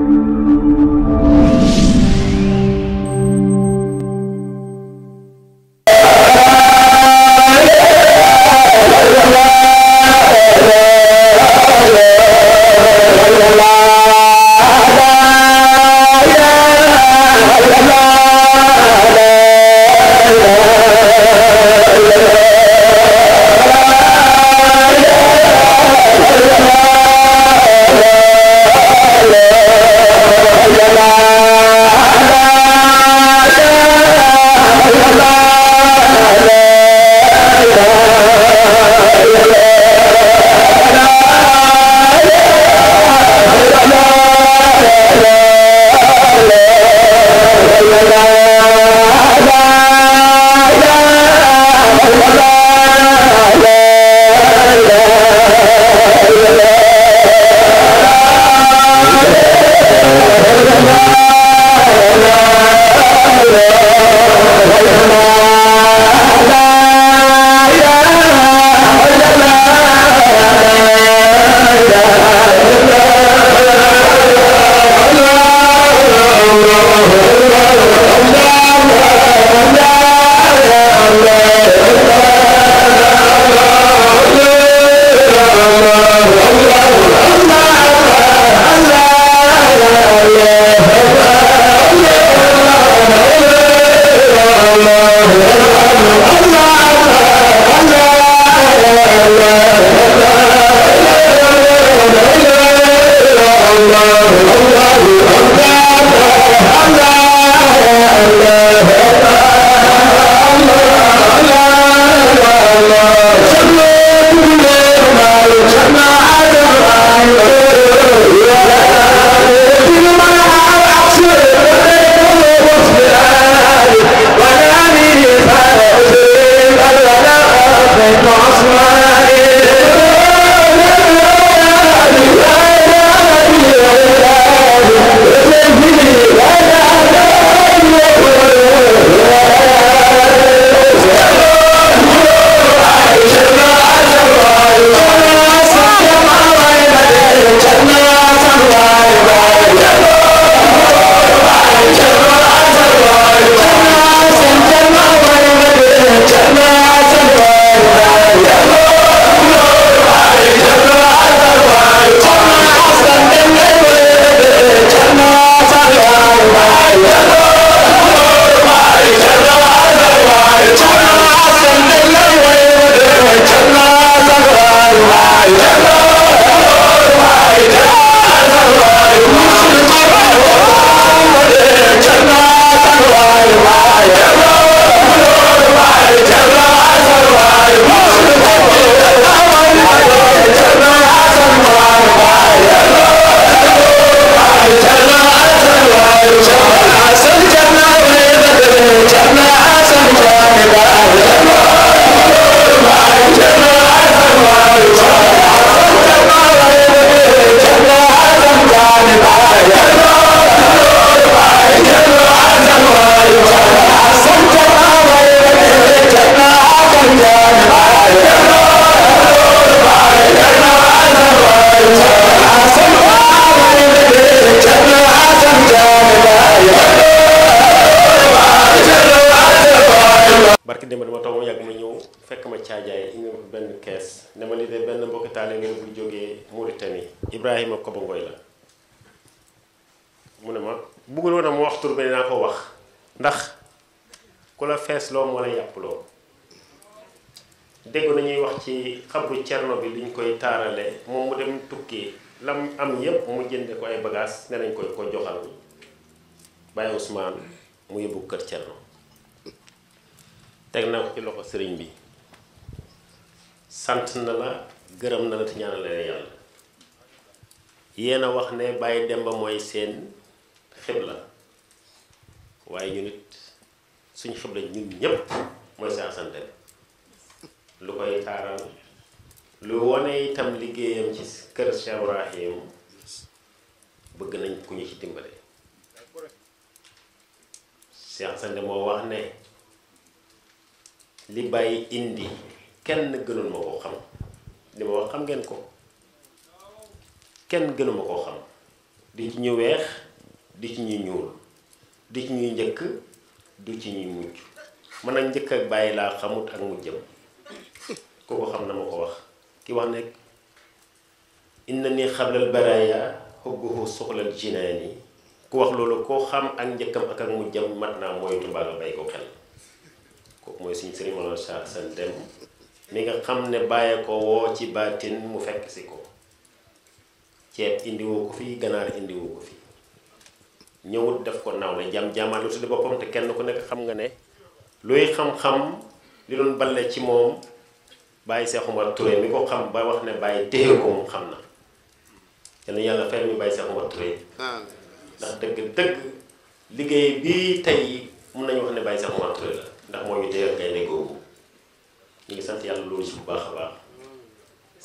Thank you. Ibrahima Koba Ngoy la mu ne ma bëggul woon a mu wax tur bi dinaa ko wax ndax ku la fees loo moo la yàpp loo dégg nañuy wax ci xabru cerno bi liñ koy taarale moom mu dem tukki lam am yépp mu jënde ko ay bagages ne nañ koy ko joxal Baye Ousmane mu yóbbu kër cerno teg na ko ci loxo sëriñ bi sant na la gërëm na la te la yàlla yéen a wax ne bàyyi dem ba mooy seen xibla waaye ñu nit suñ xibla ñun ñépp mooy Cheikh Assane lu koy taaral lu wone itam liggéeyam ci kër Cheikh Ibrahim bëgg nañ ku ñu ci dimbale Cheikh Assane moo wax ne li bàyyi indi kenn gënoon ma ko xam li ma wax xam ngeen ko kenn gënuma koo xam di ci ñu weex di ci ñu ñuul di ci ñuy njëkk du ci ñuy mujj man ak njëkk ak bàyyi laa xamut ak mujjam kooku xam na ma ko wax ki wax nekk inna ni xablal baraya xubbuhu soxlal jinaani ku wax loolu koo xam ak njëkkam ak ak mujjam mat naa moytu mbaa nga bàyyi ko xel kooku mooy suñu sëriñ Mawlana Cheikh Hassane Dème mi nga xam ne bàyyee ko woo ci baatin mu fekk si ko ceeb indiwoo ko fi ganaar indiwoo ko fi ñëwut def ko naaw la jam jaamaa lu tudde boppam te kenn ku nekk xam nga ne luy xam-xam li doon balle ci moom bàyyi Seex Umar Touré mi ko xam ba wax ne bàyyi téye ko moom xam na kenn yàlla fer mi bàyyi Seex Umar Touré ndax dëgg dëgg liggéey bi tey mun nañu wax ne bàyyi Seex Umar Touré la ndax moo ñu téye ak gaynde googu ñu ngi sant yàlla loolu ci bu baax a baax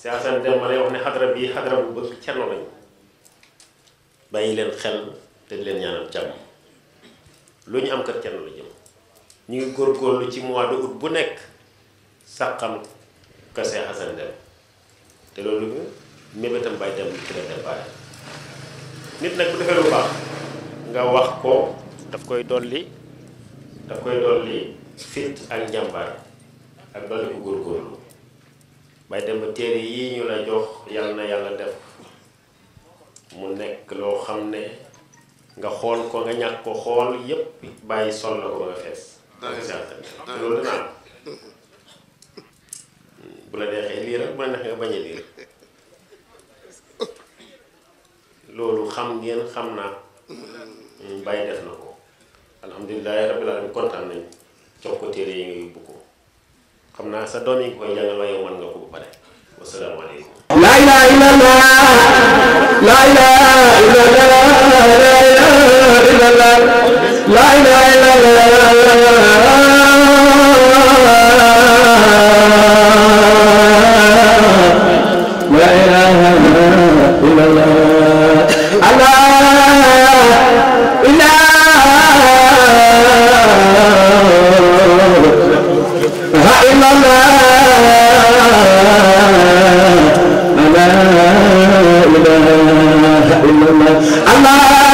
siyaasan dem ma lay wax ne xadra bii xadra bu bëgg cerno bàyyi leen xel te leen ñaanal jàmm lu ñu am kat cerno la jëm ñu ngi góorgóorlu ci mois de août bu nekk sàqam kase xasan dem te loolu mébétam bàyyi dem ci la déparé nit nag bu defee lu baax nga wax ko daf koy dolli daf koy dolli fit ak njàmbaar ak dolli ko góorgóorlu bay dem ba téere yii ñu iya, la jox yalla na yalla def mu nekk lo xamné ne nga xol ko nga ñak ko xol yépp bàyyi sol la ko nga fess loolu dana bu la neexee lii rek bu la neexee nga bañ a liir loolu xam ngeen xam na bàyyi def na ko alhamdulilahi rabbil alamin kontan nañ ci ko téré yi nga yóbbu ko xam naa sa doom yi nga koy I Allah.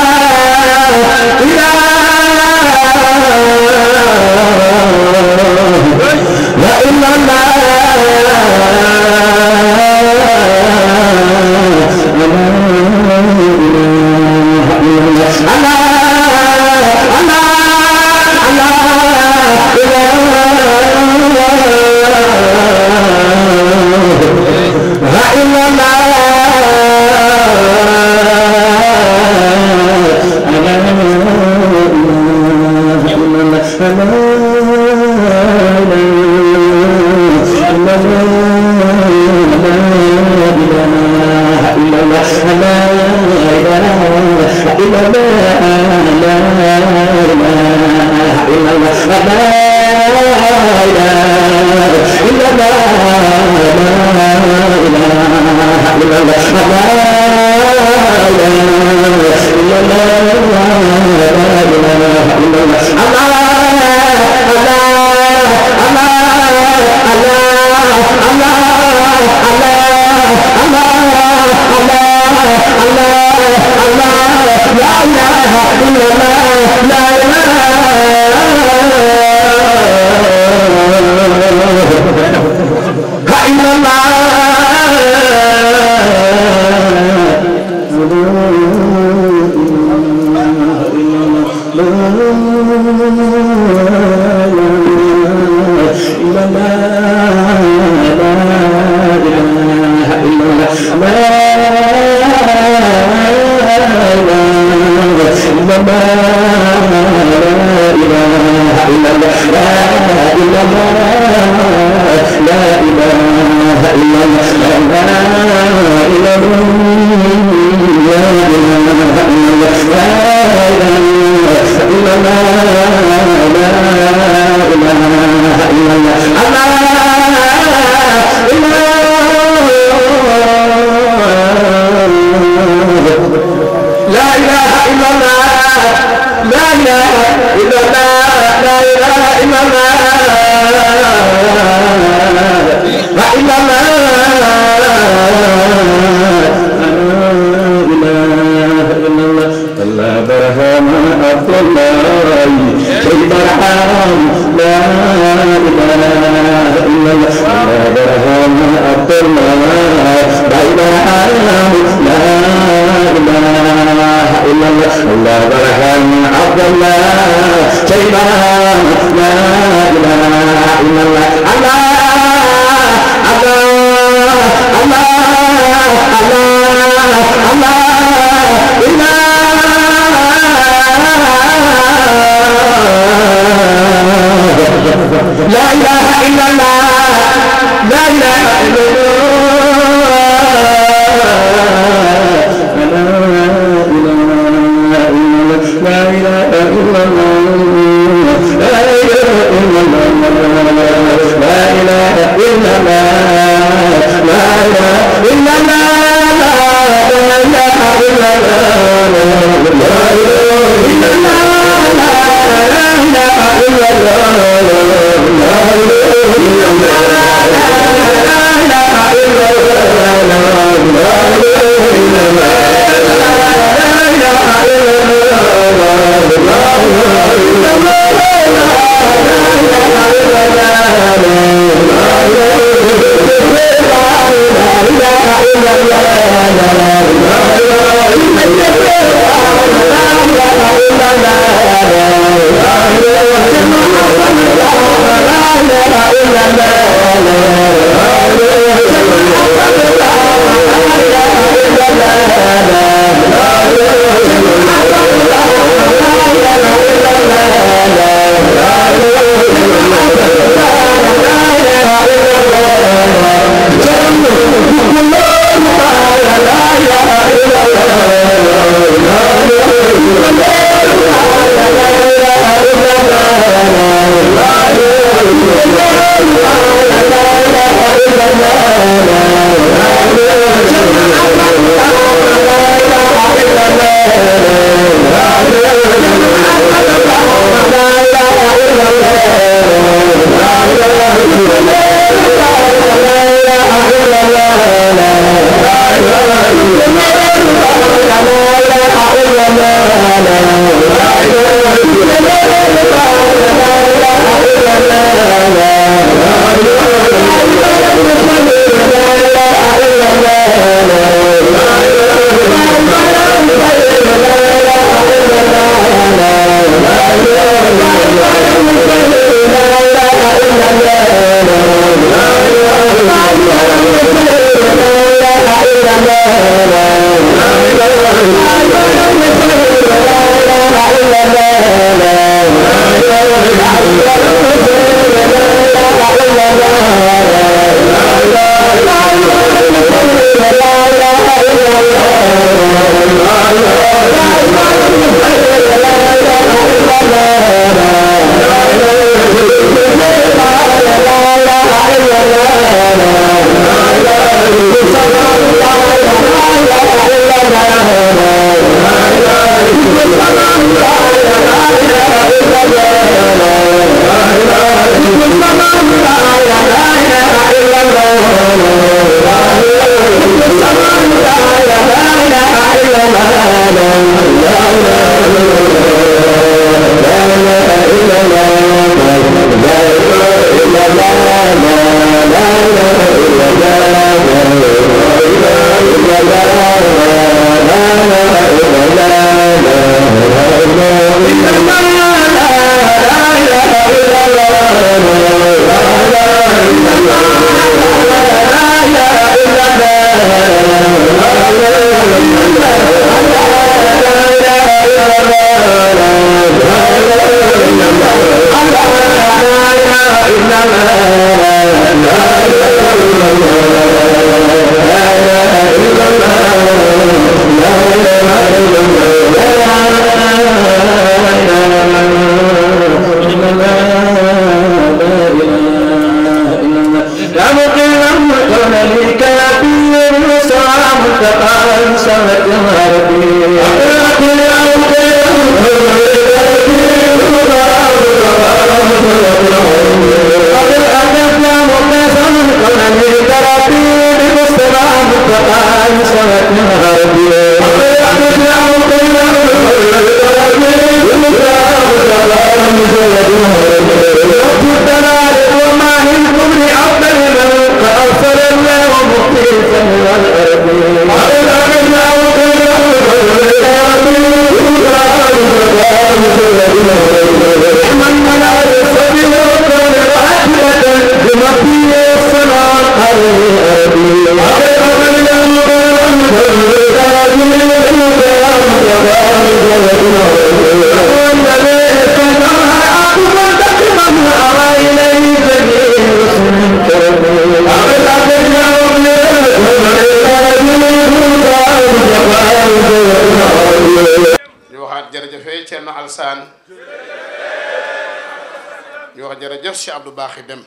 du baaxi dem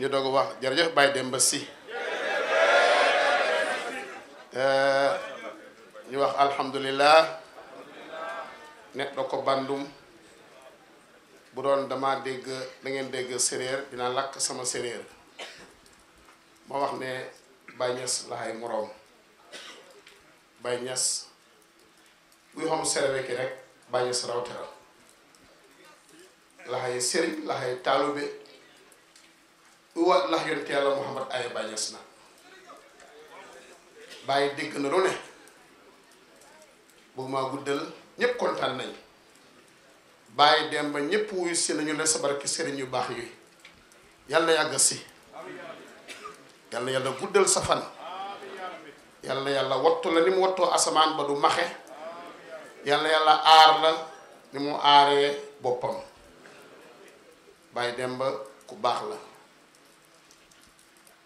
ñu doog wax jërëjëf Baye Demba si eh, ñu wax alhamdulilah neɗɗo ko bandum bu doon dama dégg da ngeen dégg séréer dina lakk sama séréer ma wax ne Baye Niass laxay moroom Baye Niass buy xam serwe ki rek Baye Niass rawteral laxay sëriñ laxay taalube wa lax yonent yàlla Muhammad ay bañes na bàyyi dégg na lu ne bu maa guddal ñépp kontaan nañ bàyyi dem ba ñépp wuyu si nañu ne sa barke sëriñ yu baax yi yàlla na yàgg si yàlla na yàlla guddal sa fan yàlla na yàlla wattu la ni mu wattoo asamaan ba du maxe yàlla yàlla aar la ni mu aaree boppam bay dem ba ku bax la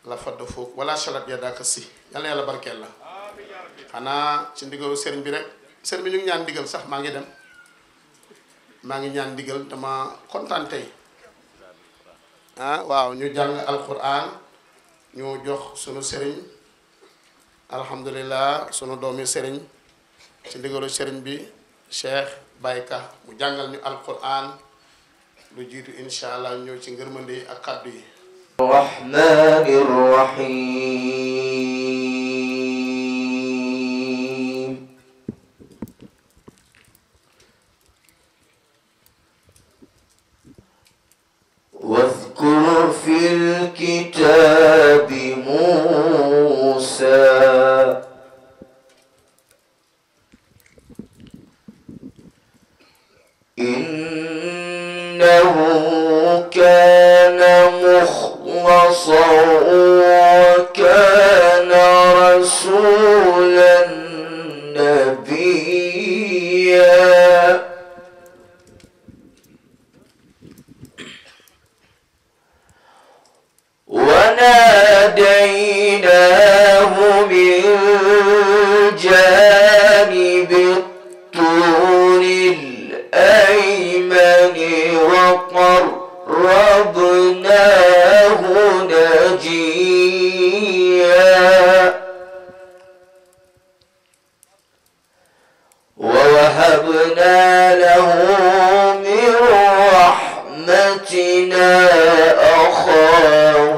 la do fuk wala salat ya dak si yalla yalla barkel la xana ci ndigal sëriñ bi rek ñu ñaan ndigal sax ma ngi dem mangi ngi ñaan ndigal dama kontaan ah waaw ñu jang alquran ñu jox suñu alhamdulillah suñu doomi sëriñ ci ndigal sëriñ bi cheikh bayka mu jangal ñu alquran lu jitu inshallah ñew ci ngeermande ak kaddu yi rahmanir rahim wazkur fil kitabi musa inna إنه كان مخلصا وكان رسولا نبيا ونادى وهبنا له من رحمتنا أخاه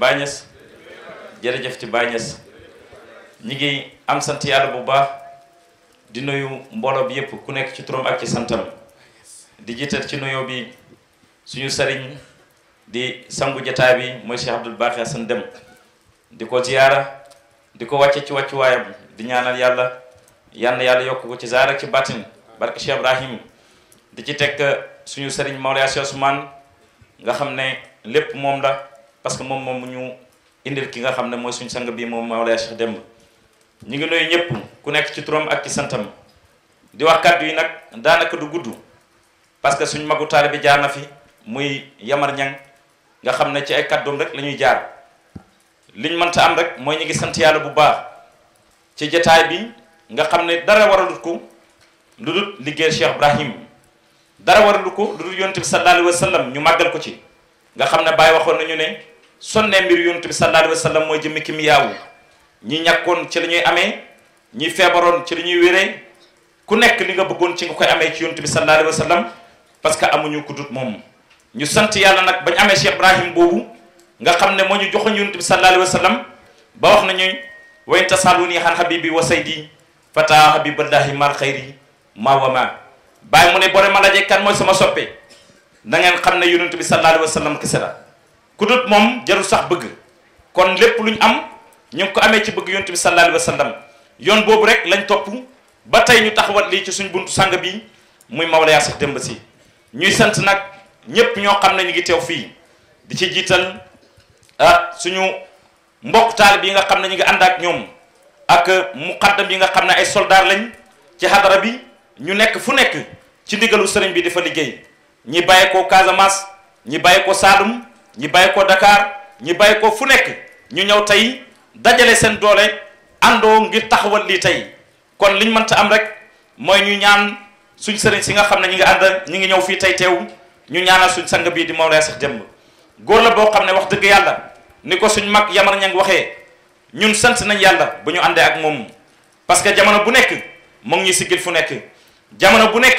bàññees jërëjëf ci bàññees ñi ngi am sant yàlla bu baax di nuyu mbooloo bi yépp ku nekk ci trom ak ci santam di jiital ci nuyoo bi suñu sëriñ di sangu jataa bi mooy Cheikh Abdoul Baqi Assane dem di ko ziyaara di ko wàcce ci wàccuwaayam di ñaanal yàlla yann yàlla yokk ci zaar ci bàttin barke Cheikh Ibrahim di ci teg suñu sëriñ Mawlaya Cheikh Ousmane nga xam ne lépp moom la parce que moom moom mu ñu indil ki nga xam ne mooy suñ sang bii moom Mawlaya Cheikh Demba ñu ngi nuyu ñëpp ku nekk ci trom ak ci santam di wax kàddu yi nag daanaka du gudd parce que suñ magu bi jaar na fi muy Yamar Ñang nga xam ne ci ay kàddoom rek la ñuy jaar liñ mënta am rek mooy ñu ngi sant yàlla bu baax ci jataay bi nga xam ne dara waralut ko lu dul liggéey Cheikh Ibrahim dara waralu ko lu dul yonent bi sallallahu alayhi wa ñu màggal ko ci nga xam ne Baye waxoon nañu ne sonnee mbir yonent bi sallallahu alayhi wa sallam mooy jëmmi kim yaawu ñi ñàkkoon ci la ñuy amee ñi feebaroon ci la ñuy wéree ku nekk li nga bëggoon ci nga koy amee ci yonent bi sallallahu alayhi wa parce que amuñu ku dut moom ñu sant yàlla nag bañ amee Cheikh Ibrahim boobu nga xam ne moo ñu joxoon yonent bi sallallahu alayhi wa ba wax nañu wa in tasaluni xan habibi wa saydi fata habiballahi mal xayri ma wa ma bàyyi mu ne bore ma lajee kan mooy sama soppee na ngeen xam ne yonent bi sallallahu alayhi wa sallam kese ku dut moom jarul sax bëgg kon lépp lu ñu am ñu ngi ko amee ci bëgg yonent bi sallallahu alayhi yoon boobu rek lañ topp ba tey ñu taxawal lii ci suñu buntu sàng bi muy Mawlaya Cheikh Demba Sy ñuy sant nag ñépp ñoo xam na ñu ngi teew fii di ci jiital ah suñu mbokk taalib yi nga xam ne ñu ngi ànd ak ñoom ak muqaddam yi nga xam ne ay soldaar lañ ci hadara bi ñu nekk fu nekk ci ndigalu sëriñ bi dafa liggéey ñi bàyyi ko Casamance ñi bàyyi ko Saalum ñi bay ko Dakar ñi bay ko fu nek ñu ñew tay dajale sen doole ando ngir taxawal li tay kon liñ ta am rek moy ñu ñaan suñ serigne si nga xamne ñi nga and ñi nga ñew fi tay tew ñu ñaanal suñ sang bi di Mawlaay sax dem goor la bo xamne wax deug yalla ni ko suñ mak Yamar Ñang waxe ñun sant nañ yalla bu ñu ande ak mom parce que jamono bu nek mo ngi sigil fu nek jamono bu nek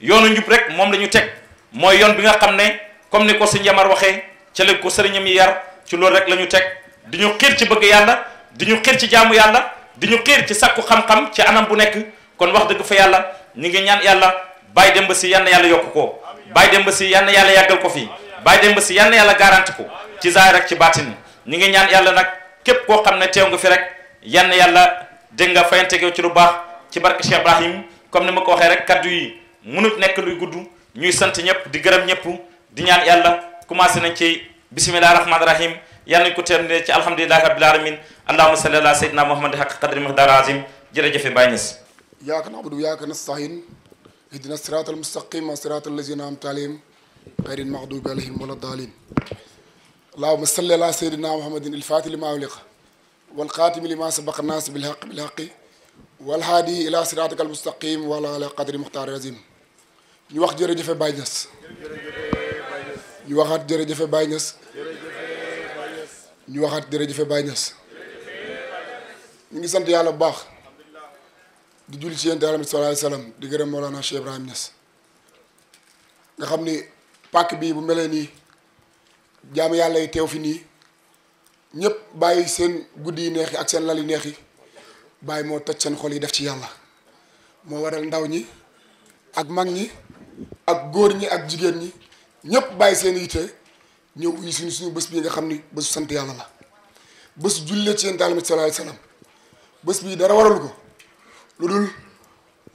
yoonu ñub rek mom lañu tek moy yoon bi nga xamne comme ni suñ Yamar waxe ci la ko sëriñam yi yar ci loolu rek la ñu teg di ñu xiir ci bëgg yàlla di ñu xiir ci jaamu yàlla di ñu xiir ci sàkku xam-xam ci anam bu nekk kon wax dëgg fa yàlla ñu ngi ñaan yàlla bàyyi dem si yann yàlla yokk ko bàyyi demb si yann yàlla yàggal ko fii bàyyi dem si yann yàlla garanti ko ci zaay rek ci baatin ñu ngi ñaan yàlla nag képp koo xam ne teew nga fi rek yann yàlla dégg nga fayante ci lu baax ci barke Cheikh Ibrahim comme ni ma ko waxee rek kaddu yi mënut nekk luy gudd ñuy sant ñëpp di gërëm ñëpp di ñaan yàlla commencé nañ ci bismillahir rahmanir rahim yalla nañ ko terne ci alhamdullilah rabbil alamin allahumma salli ala sayyidina muhammad haqq qadri miqdar azim jere jërëjëfe Baye Niass iyyaka na'budu wa iyyaka sahin ihdina siratal mustaqim siratal ladzina an'amta alayhim ghayril maghdubi alayhim wala ddaalin اللهم صل على سيدنا محمد الفاتح لما أغلق والخاتم لما سبق الناس بالحق بالحق والهادي إلى صراطك المستقيم وعلى قدر مختار العظيم ñu wax jërëjëf Baye Niass ñu waxaat jërëjëfe Baye Niass ñu waxaat jërëjëfe Baye Niass ñu ngi sant yàlla bu baax di julli ci yonent Yàlla sallallahu alayhi di gërëm Mawlana Cheikh Ibrahim Niass nga xam ni pàkk bii bu melee nii jaamu yàlla yi teew fi nii ñëpp bàyyi seen guddi yi neex yi ak seen lal yi neex yi bàyyi moo toj seen xol yi def ci yàlla moo waral ndaw ñi ak mag ñi ak góor ñi ak jigéen ñi ñëpp bàyyi seen yitte ñëw wuyu suñu suñu bés bii nga xam ni bésu sant yàlla la bésu jullee ci yonent bi sallallahu alayhi wa sallam bés bii dara waral ko lu dul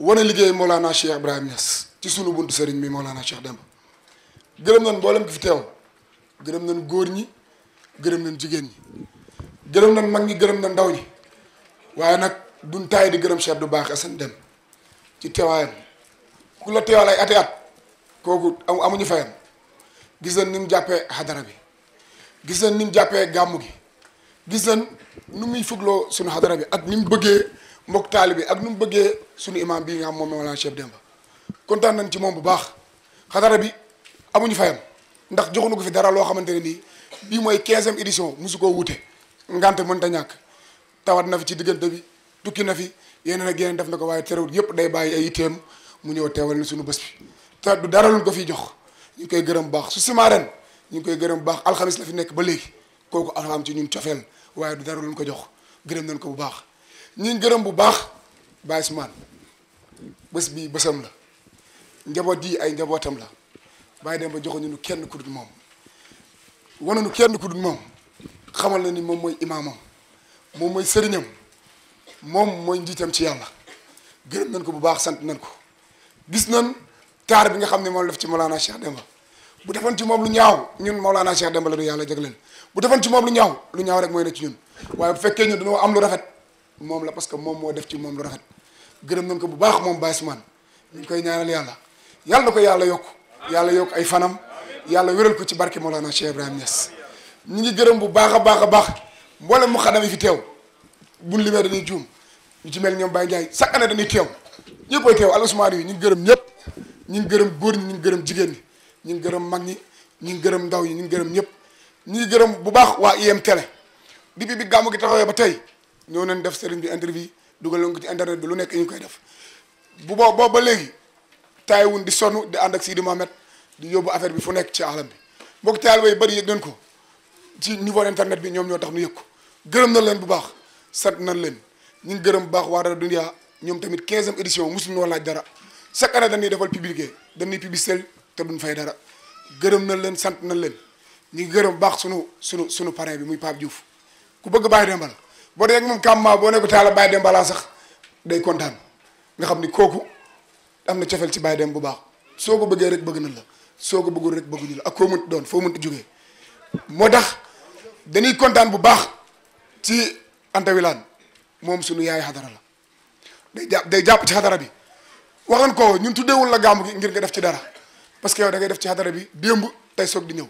wane liggéey Mawlana Cheikh Ibrahima Niass ci sunu buntu sëriñ mi naa Cheikh Demba gërëm nañ mboolem ki fi teew gërëm nañ góor ñi gërëm nañ jigéen ñi gërëm nañ mag ñi gërëm na ndaw ñi waaye nag duñ taay di gërëm Cheikh du baax Assane dem ci teewaayam ku la teewal ay ati at kooku amuñu fayam. gis na ni mu jàppee xadara bi gis na ni mu jàppee gàmmu gi gis na nu muy fugloo suñu xadara bi ak ni mu bëggee mbokk taali bi ak nu mu bëggee suñu imam bii nga xam moom Mawlana Cheikh Demba kontaan nañ ci moom bu baax xadara bi amuñu fayam ndax joxuñu ko fi dara loo xamante ne nii bii mooy quinzième édition musu koo wute ngante mënta ñàkk tawat na fi ci diggante bi tukki na fi yeneen ak yeneen def na ko waaye terewut yëpp day bàyyi ay itteem mu ñëw teewal ni suñu bés bi te du dara luñ ko fiy jox ñu ngi koy gërëm bu baax su simaaren ñu ngi koy gërëm bu baax alxamis la fi nekk ba léegi kooku alxam ci ñun cofeel waaye du dara luñ ko jox gërëm nañ ko bu baax ñu ngi gërëm bu baax Baye Ousmane bés bii bésam la njaboot yi ay njabootam la Baye Demba joxuñu nu kenn ku dul moom wane nu kenn ku moom xamal na ni moom mooy imaamam moom mooy sëriñam moom mooy njiitam ci yàlla gërëm nañ ko bu baax sant nañ ko gis nañ taar bi nga xam ne moom def ci Mawlana Cheikh Demba bu defoon ci moom lu ñaaw ñun Mawlana Cheikh Demba la du yàlla jagleel bu defoon ci moom lu ñaaw lu ñaaw rek mooy ne ci ñun waaye bu fekkee ñun dañoo am lu rafet moom la parce que moom moo def ci moom lu rafet gërëm nañ ko bu baax moom Baye Ousmane ñu ngi koy ñaanal yàlla yàlla na ko yàlla yokk yàlla yokk ay fanam yàlla wéral ko ci barke Mawlana Cheikh Ibrahima Niass ñu ngi gërëm bu baax a baax a baax mboolem mu xadam yi fi teew buñ limee dañuy juum ñu ci mel ñoom Baye Ndiaye chaque année dañuy teew ñëpp ay teew Al Ousmane yi ñu ñëpp ñu ngi gërëm góor ñi ñu ngi gërëm jigéen ñi ñu ngi gërëm mag ñi ñu gërëm ndaw ñi ñu gërëm ñëpp ñu ngi gërëm bu baax waa IM télé depuis bi gàmmu gi taxawee ba tey ñëw neen def sëriñ bi interview dugal ko ci internet bi lu nekk ñu koy def bu boo boobu ba léegi taayiwun di sonn di ànd ak Sidi Mohamed di yóbbu affaire bi fu nekk ci alam bi mbokk taalibe yi bëri yëg nañ ko ci niveau internet bi ñoom ñoo tax nu yëg ko gërëm nañ leen bu baax set na leen ñu ngi gërëm bu baax waa Dara Dunya ñoom tamit quinzième édition mosuñu woon laaj dara chaque année dañuy defal publicité dañuy publicité te duñ fay dara gërëm na leen sant na leen ñu ngi gërëm baax sunu sunu sunu parrain bi muy Pape Diouf ku bëgg Baye Dembal boo dee ak kàmmaa boo ne ko taala Baye Dembalaa sax day kontaan nga xam ni kooku am na cofeel ci Baye bu baax soo ko rek bëgg na la soo ko bëggul rek bëgguñu la ak koo mënti doon foo mënti jógee moo tax dañuy kontaan bu baax ci Anta moom sunu yaay xadara la day jàpp day jàpp ci xadara bi waxoon ko ñun tuddeewul la gàmmu gi ngir nga def ci dara parce que yow def ci xadara bi démb tey soog di ñëw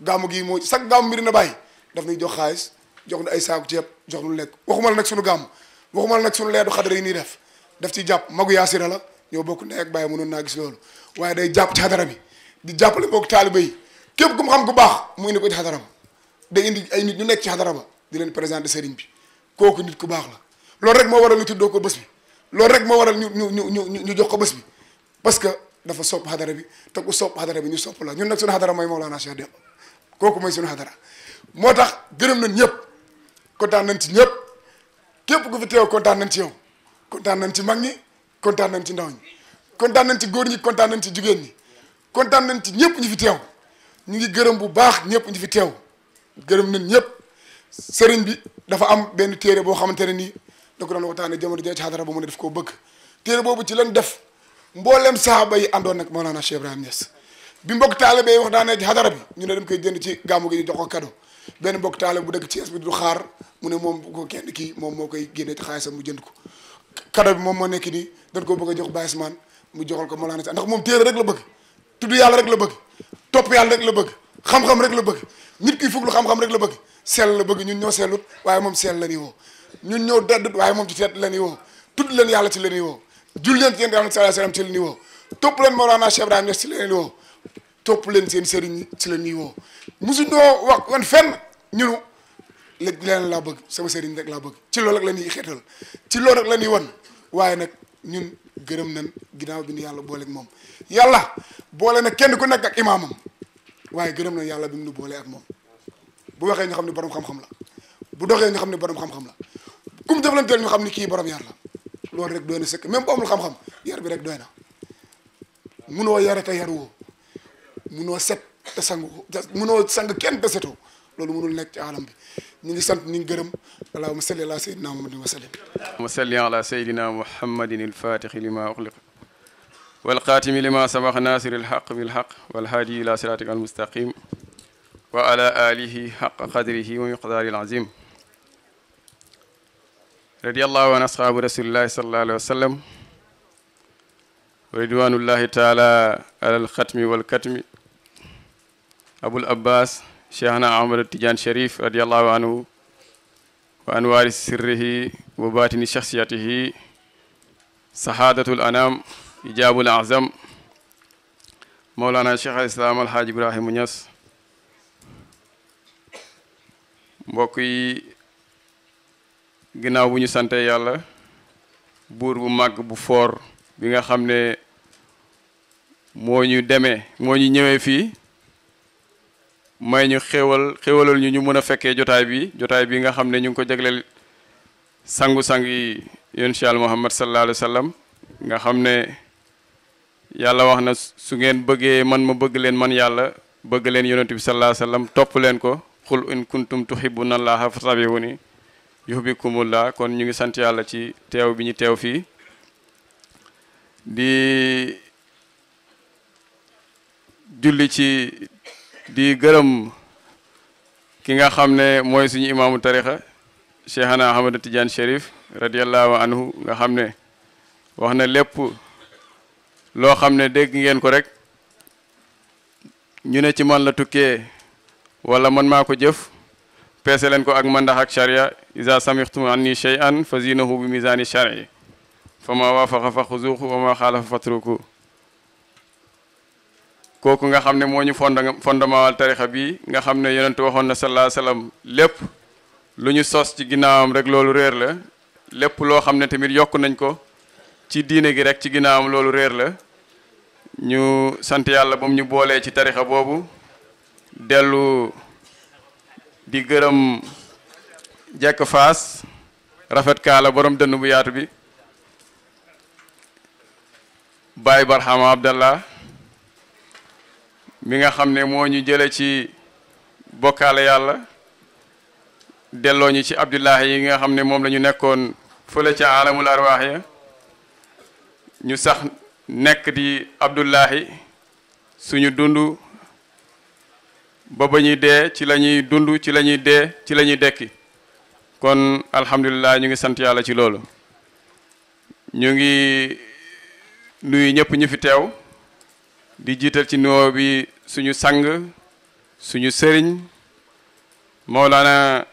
gàmmu gi moo sax gàmmu mbir na bàyyi daf nañ jox xaalis jox nu ay saaku ceeb jox nu lekk waxuma la nag suñu gàmm waxuma la nag suñu leedu xadara yi nuy def daf ci jàpp magu yaasira la ñëw bokk ndey ak bàyyi mënoon naa gis loolu waaye day jàpp ci xadara bi di jàppale mbokk taaliba yi képp ku mu xam ku baax mu indi ko ci xadara day indi ay nit ñu nekk ci xadara ba di leen présenter sëriñ bi kooku ku baax la loolu rek moo waral ñu tuddoo ko bés bi loolu rek moo waral ñu ñu ñu ñu ñu jox ko bés bi parce que dafa sopp xadara bi te ku sopp xadara bi ñu sopp la ñun nag suñu xadara mooy Mawlana Cheikh Dem kooku mooy suñu xadara moo tax gërëm nañ ñëpp kontaan nañ ci ñëpp képp ku fi teew kontaan nañ ci yow kontaan nañ ci mag ñi kontaan nañ ci ndaw ñi kontaan nañ ci góor ñi kontaan nañ ci jigéen ñi kontaan nañ ci ñëpp ñu fi teew ñu ngi gërëm bu baax ñëpp ñu fi teew gërëm nañ ñëpp sëriñ bi dafa am benn téere boo xamante ne nii da ko doon waxtaane jamono jee ci xadara ba mu boobu ci lan def mboolem saaba yi àndoon nag Mawlana Cheikh Ibrahima Niass bi mbokk taalibe wax daane ci xadara bi ñu ne dañ koy jënd ci gàmmu gi ñu jox ko cadeau benn mbokk bu dëkk ci xaar mu ne moom ko kenn moom moo koy génne ci xaalisam mu jënd ko cadeau moom moo nekk nii dañ koo bëgg a jox Baye Ousmane mu joxal ko Mawlana ndax moom téere rek la bëgg tudd yàlla rek la bëgg topp yàlla rek la bëgg xam-xam rek la bëgg nit ki fuglu xam-xam rek la bëgg sell la bëgg ñun ñoo sellut waaye moom sell la ni woo ñun ñëw deddut waaye moom ci seet la ñuy woo tudd leen yàlla ci la ñuy woo jul leen ci yéen daal sallallahu alayhi wasallam ci la ñuy woo topp leen Mawlana Cheikh Ibrahima Niass ci la ñuy woo topp leen seen sëriñ wan fenn ñunu léeg leen laa bëgg sama sëriñ rek laa bëgg ci loolu la la ñuy xeetal ci loolu rek la ñuy wan waaye nag ñun gërëm nañ ginnaaw bi ñu yàlla booleeg moom yàlla boole na kenn ku nekk ak imaamam waaye gërëm nañ yàlla bi mu nu boolee ak moom bu waxee ñu xam ne borom xam-xam la bu doxee ñu xam ne borom xam-xam la ku mu jëflanteel ñu xam ne kii borom yar la loolu rek doy na sëkk même bu amul xam-xam yar bi rek doy na munoo yare te yaruwoo munoo set te sangu munoo sang kenn te setoo loolu munul nekk ci alam bi ñu ngi sant ñu ngi gërëm allahumma salli ala sayyidina muhammadin wa sallim wa salli ala sayyidina muhammadin alfatixi lima uxliq والخاتم لما سبق ناصر الحق بالحق والهادي إلى صراطك المستقيم وعلى آله حق قدره ومقداره العظيم رضي الله عن أصحاب رسول الله صلى الله عليه وسلم رضوان الله تعالى على الختم والكتم أبو الأباس شيخنا عمر التجان شريف رضي الله عنه وأنوار سره وباطن شخصيته سحادة الأنام إجاب الأعظم مولانا الشيخ الإسلام الحاج إبراهيم نيس بوكي ginnaaw bu ñu sante yàlla buur bu màgg bu foor bi nga xam ne moo ñu demee moo ñu ñëwee fii may ñu xewal xéwalal ñu ñu mën a fekkee jotaay bi jotaay bi nga xam ne ñu ngi ko jagleel sangu-sang yi yonent Yàlla Muhammad sallallahu alayhi nga xam ne yàlla wax na su ngeen bëggee man ma bëgg leen man yàlla bëgg leen yonent bi sallallahu alayhi topp leen ko xul in kuntum tuhibbuna allaha fattabi'uni bi yuhbikumullah kon ñu ngi sant yàlla ci teew bi ñu teew fii di julli ci di gërëm ki nga xam ne mooy suñu imaamu tarixa cheikhana ahmada tidiane sharif radiallahu anhu nga xam ne wax na lépp loo xam ne dégg ngeen ko rek ñu ne ci man la tukkee wala man maa ko jëf peese leen ko ak mandax ak charia isa samixtum anni shay'an fa zinahu bi misaani shar'i fa ma waafaqa fa xuzuuxu wa ma xaalafa fatruku kooku nga xam ne moo ñu fond fondamental tarixa bi nga xam ne yonent waxoon na sallallahu alayhi wasallam lépp lu ñu sos ci ginnaawam rek loolu réer la lépp loo xam ne tamit yokk nañ ko ci diine gi rek ci ginnaawam loolu réer la ñu sant yàlla ba mu ñu boolee ci tarixa boobu dellu di gërëm jekk fas rafet kaala boroom dënn bu yaatu bi Baye Barhama Abdallah mi nga xam ne moo ñu jële ci bokkaale yàlla delloo ñu ci Abdullahi yi nga xam ne moom la nekkoon fële ca alamul arwaax ya ñu sax nekk di Abdullahi suñu dund ba ba ñuy dee ci lañuy dund ci lañuy ñuy dee ci lañuy dekki kon alhamdulilah ñu ngi sant yàlla ci loolu ñu ngi nuyu ñëpp ñu fi teew di jiital ci nuyoo bi suñu sang suñu sëriñ Mawlana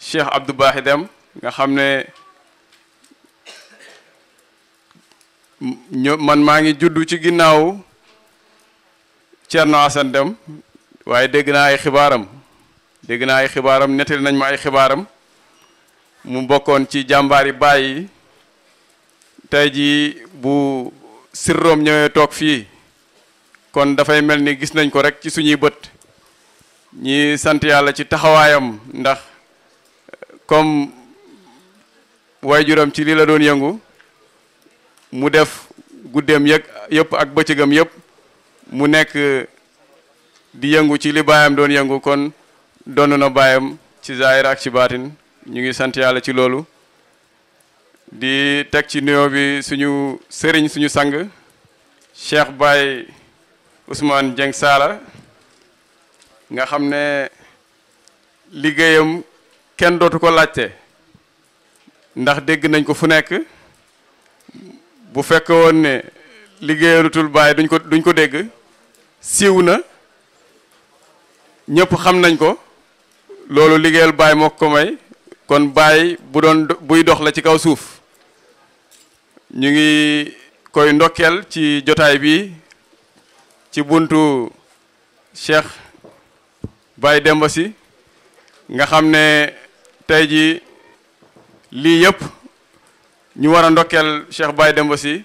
Cheikh Abdou Baaxi Dem nga xam ne man maa ngi juddu ci ginnaaw Thierno Assane Dem waaye dégg naa ay xibaaram dégg naa ay xibaaram nettali nañ ma ay xibaaram mu bokkoon ci jàmbaari baay yi tey jii bu sirroom ñëwee toog fii kon dafay mel ni gis nañ ko rek ci suñuy bët ñi sant yàlla ci taxawaayam ndax comme waajuram ci lii la doon yëngu mu def guddeem yëg yëpp ak bëccëgam yëpp mu nekk di yëngu ci li baayam doon yëngu kon donn na baayam ci zaahir ak ci baatin ñu ngi sant yàlla ci loolu di teg ci nuyoo bi suñu sëriñ suñu sang Cheikh Baye Ousmane Dieng Saala nga xam ne liggéeyam kenn dootu ko laajte ndax dégg nañ ko fu nekk bu fekk ne liggéeyalutul Baye duñ ko duñ ko dégg siiw na ñëpp xam nañ ko loolu liggéeyal baay moo ko may kon baay bu doon buy dox la ci kaw suuf ñu ngi koy ndokkeel ci jotaay bi ci buntu Cheikh Baye Demba Sy nga xam ne tey ji lii yëpp ñu war a ndokkeel Cheikh Baye Demba Sy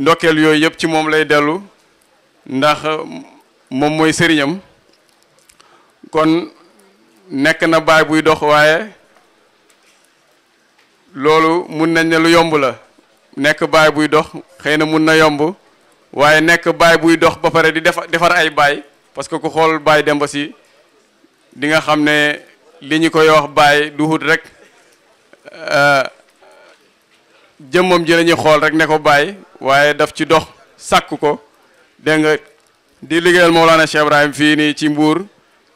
ndokkeel yooyu yëpp ci moom lay dellu ndax moom mooy sëriñam kon nekk na baay buy dox waaye loolu mun nañ ne lu yomb la nekk baay buy dox xëy na mun na yomb waaye nekk baay buy dox ba pare di defar defar ay baay parce que ku xool baay Demba Sy di nga xam ne li ñu koy wax baay duhut rek euh, jëmmam ji la xool rek ne ko baay waaye daf ci dox sàkk ko dégg nga di liggéeyal laa Cheikh Ibrahim fii nii ci Mbuur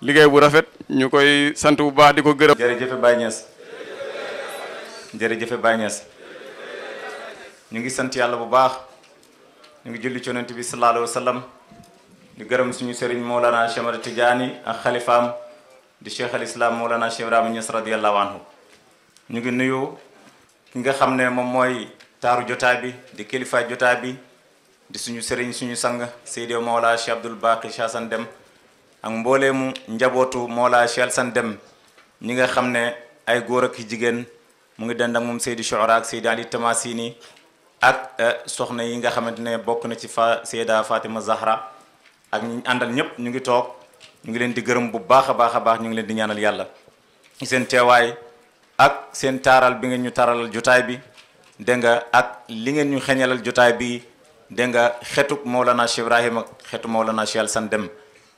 liggéey bu rafet ñu koy sant bu baax di ko gërëm. jërëjëf Baye Niass jërëjëf Baye ñu ngi sant yàlla bu baax ñu ngi julli ci yonent bi sallallahu alayhi di gërëm suñu sëriñ Mawlana Cheikh Ahmad Tidiane ak di Cheikh al Islam Mawlana Cheikh anhu ñu ngi nuyu ki nga xam ne moom mooy taaru jotaay bi di kilifaay jotaay bi di suñu sëriñ suñu sang Seydi Mawla Cheikh Abdoul Baqi Cheikh Assane Deme ak mbollem njabootu mola Cheikh san dem ñi nga xamne ay goor ak jigen mu ngi dënd ak moom Seydi Chouara ak Seydi Ali Tamasini ak eh, soxna yi nga xamantene ne na ci fa Seyda Fatima Zahra ak ñi andal ñep ñu ngi tok ñu ngi leen di gërëm bu baaxa baaxa baax ñu ngi leen di ñaanal yalla seen teway ak seen taral bi nyutaral ñu taral jotaay bi de nga ak li nga ñu xeñalal jotaay bi de nga xetuk maulana Cheikh ak xetuk maulana Cheikh al sandem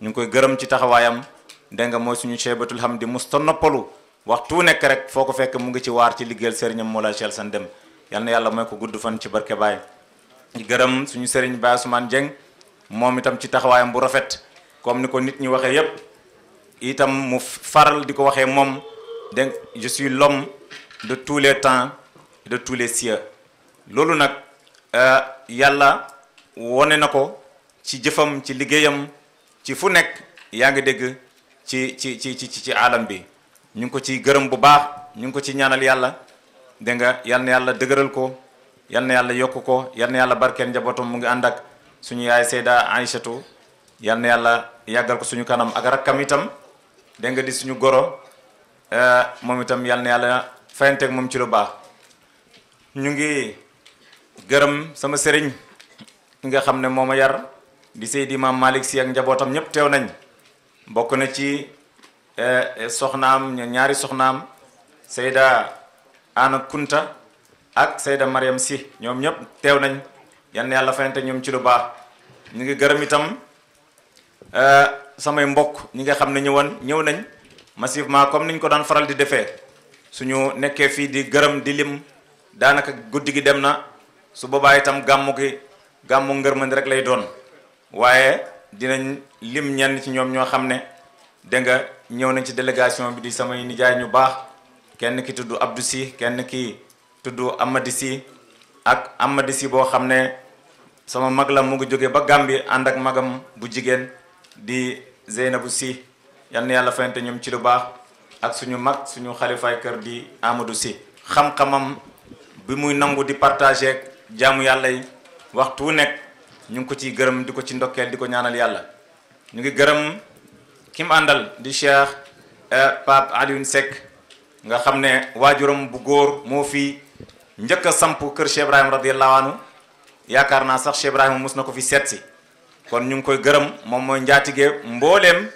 ñu ngi koy gërëm ci taxawaayam dégg nga mooy suñu chebatul xam di mus ta noppalu waxtu nekk rek foo ko fekk mu ngi ci waar ci liggéeyal sëriñam Mawla Cheikh San Dem yal yàlla mooy ko gudd fan ci barke Baye. ñu gërëm suñu sëriñ Baye Ousmane Dieng moom itam ci taxawaayam bu rafet comme ni ko nit ñi waxee yépp itam mu faral di ko waxee moom dégg je suis de tous les temps de tous les cieux loolu nag euh, yàlla wone na ko ci jëfam ci liggéeyam. ci fu nekk yaa ngi dégg ci ci ci ci ci alam bi ñu ngi ko ci gërëm bu baax ñu ngi ko ci ñaanal yàlla dégg nga yal na yàlla dëgëral ko yal na yàlla yokk ko yal na yàlla barkeel njabootam mu ngi ànd ak suñu yaay Seyda Aïchatou yal yàlla yàggal ko suñu kanam ak rakkam itam dégg nga di suñu goro eh, moom itam yal na yàlla fayanteeg moom ci lu baax ñu ngi gërëm sama sëriñ nga xam ne moom ma yar di Seydi mam Malik si ak njabotam ñep tew nañ bokk na ci eh, eh, soxnam ñaari soxnam Seyda Ana Kunta ak Seyda Mariam si ñom ñep tew nañ yan yalla fayante ñom ci lu baax ñi ngi gërëm itam eh, sama mbokk ñi nga xamne ñu won ñew nañ massivement comme niñ ko daan faral di defee suñu nekké fi di gërëm di lim danaka guddigi demna su bobay itam gamu gi gàmmu ngërmandi rek lay doon waaye dinañ lim ñenn ci ñoom ñoo xam ne da nga ñëw nañ ci délégation bi di samay nijaay ñu baax kenn ki tudd Abdou Sy kenn ki tudd Amady si ak Amady Sy boo xam ne sama mag la mu ngi jóge ba Gàmbi ànd ak magam bu jigéen di Zeynabu bu si na yàlla fayante ñoom ci lu baax ak suñu mag suñu xalifaay kër di Amadou si xam-xamam bi muy nangu di partager jaamu yàlla yi waxtu wu nekk ñu ngi ko ci gërëm diko ci ndokkel diko ñaanal yalla ñu ngi gërëm kim Andal di cheikh eh, pap Alioune sek nga xamne ne bu goor mo fi njëkk samp keur Cheikh Ibrahim radiyallahu anhu yaakaar sax Cheikh ibrahim musna ko fi setti si kon ñu ngi koy gërëm moom mooy njaatige mbollem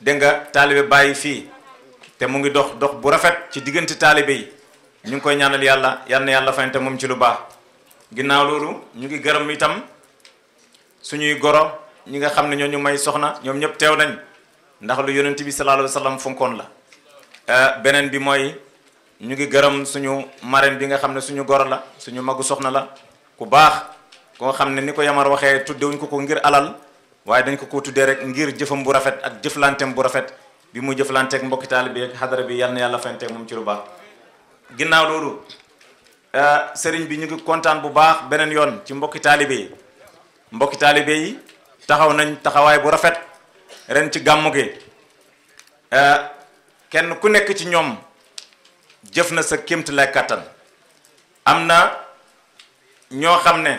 de nga talibé bayyi fi té mu ngi dox dox bu rafet ci digënté talibé yi ñu ngi koy ñaanal yalla yalla yalla fayante mom ci lu baax lolu ñu ngi gërëm itam suñuy goro ñi nga xam ne ñoo ñu may soxna ñoom ñëpp teew nañ ndax lu yonent bi sallallahu alayhi wa sallam fonkoon la euh, beneen bi mooy ñu ngi gërëm suñu marraine bi nga xam ne suñu goro la suñu magu soxna la ku baax koo xam ne ni ko yamar waxee tuddewuñ ko ko ngir alal waaye dañ ko ko tuddee rek ngir jëfam bu rafet ak jëflanteem bu rafet bi mu jëflanteeg mbokki taalibe bi ak xadara bi yal na yàlla fenteeg moom ci lu baax ginnaaw loolu euh, sëriñ bi ñu ngi kontaan bu baax beneen yoon ci mbokki taalibe yi mbokki taalibe yi taxaw nañ taxawaay bu rafet ren ci gàmmu gi euh, kenn ku nekk ci ñoom jëf na sa kémt lay kàttan am na ñoo xam ne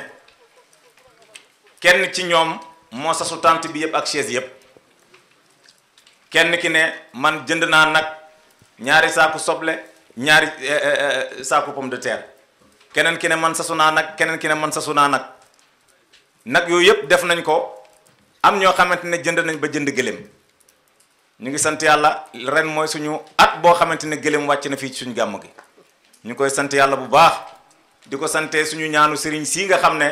kenn ci ñoom moo sasu tànt bi yëpp ak chaise yëpp kenn ki ne man jënd naa nag ñaari saaku soble ñaari euh, euh, saaku pomme de terre keneen ki ne man sasu naa nag keneen ki ne man sasu naa nag nag yooyu yëpp def nañ ko am ñoo xamante ne jënd nañ ba jënd gëléem ñu ngi sant yàlla ren mooy suñu at boo xamante ne gëléem wàcc na fii ci suñu gàmm gi ñu koy sant yàlla bu baax di ko santee suñu ñaanu sëriñ sii nga xam ne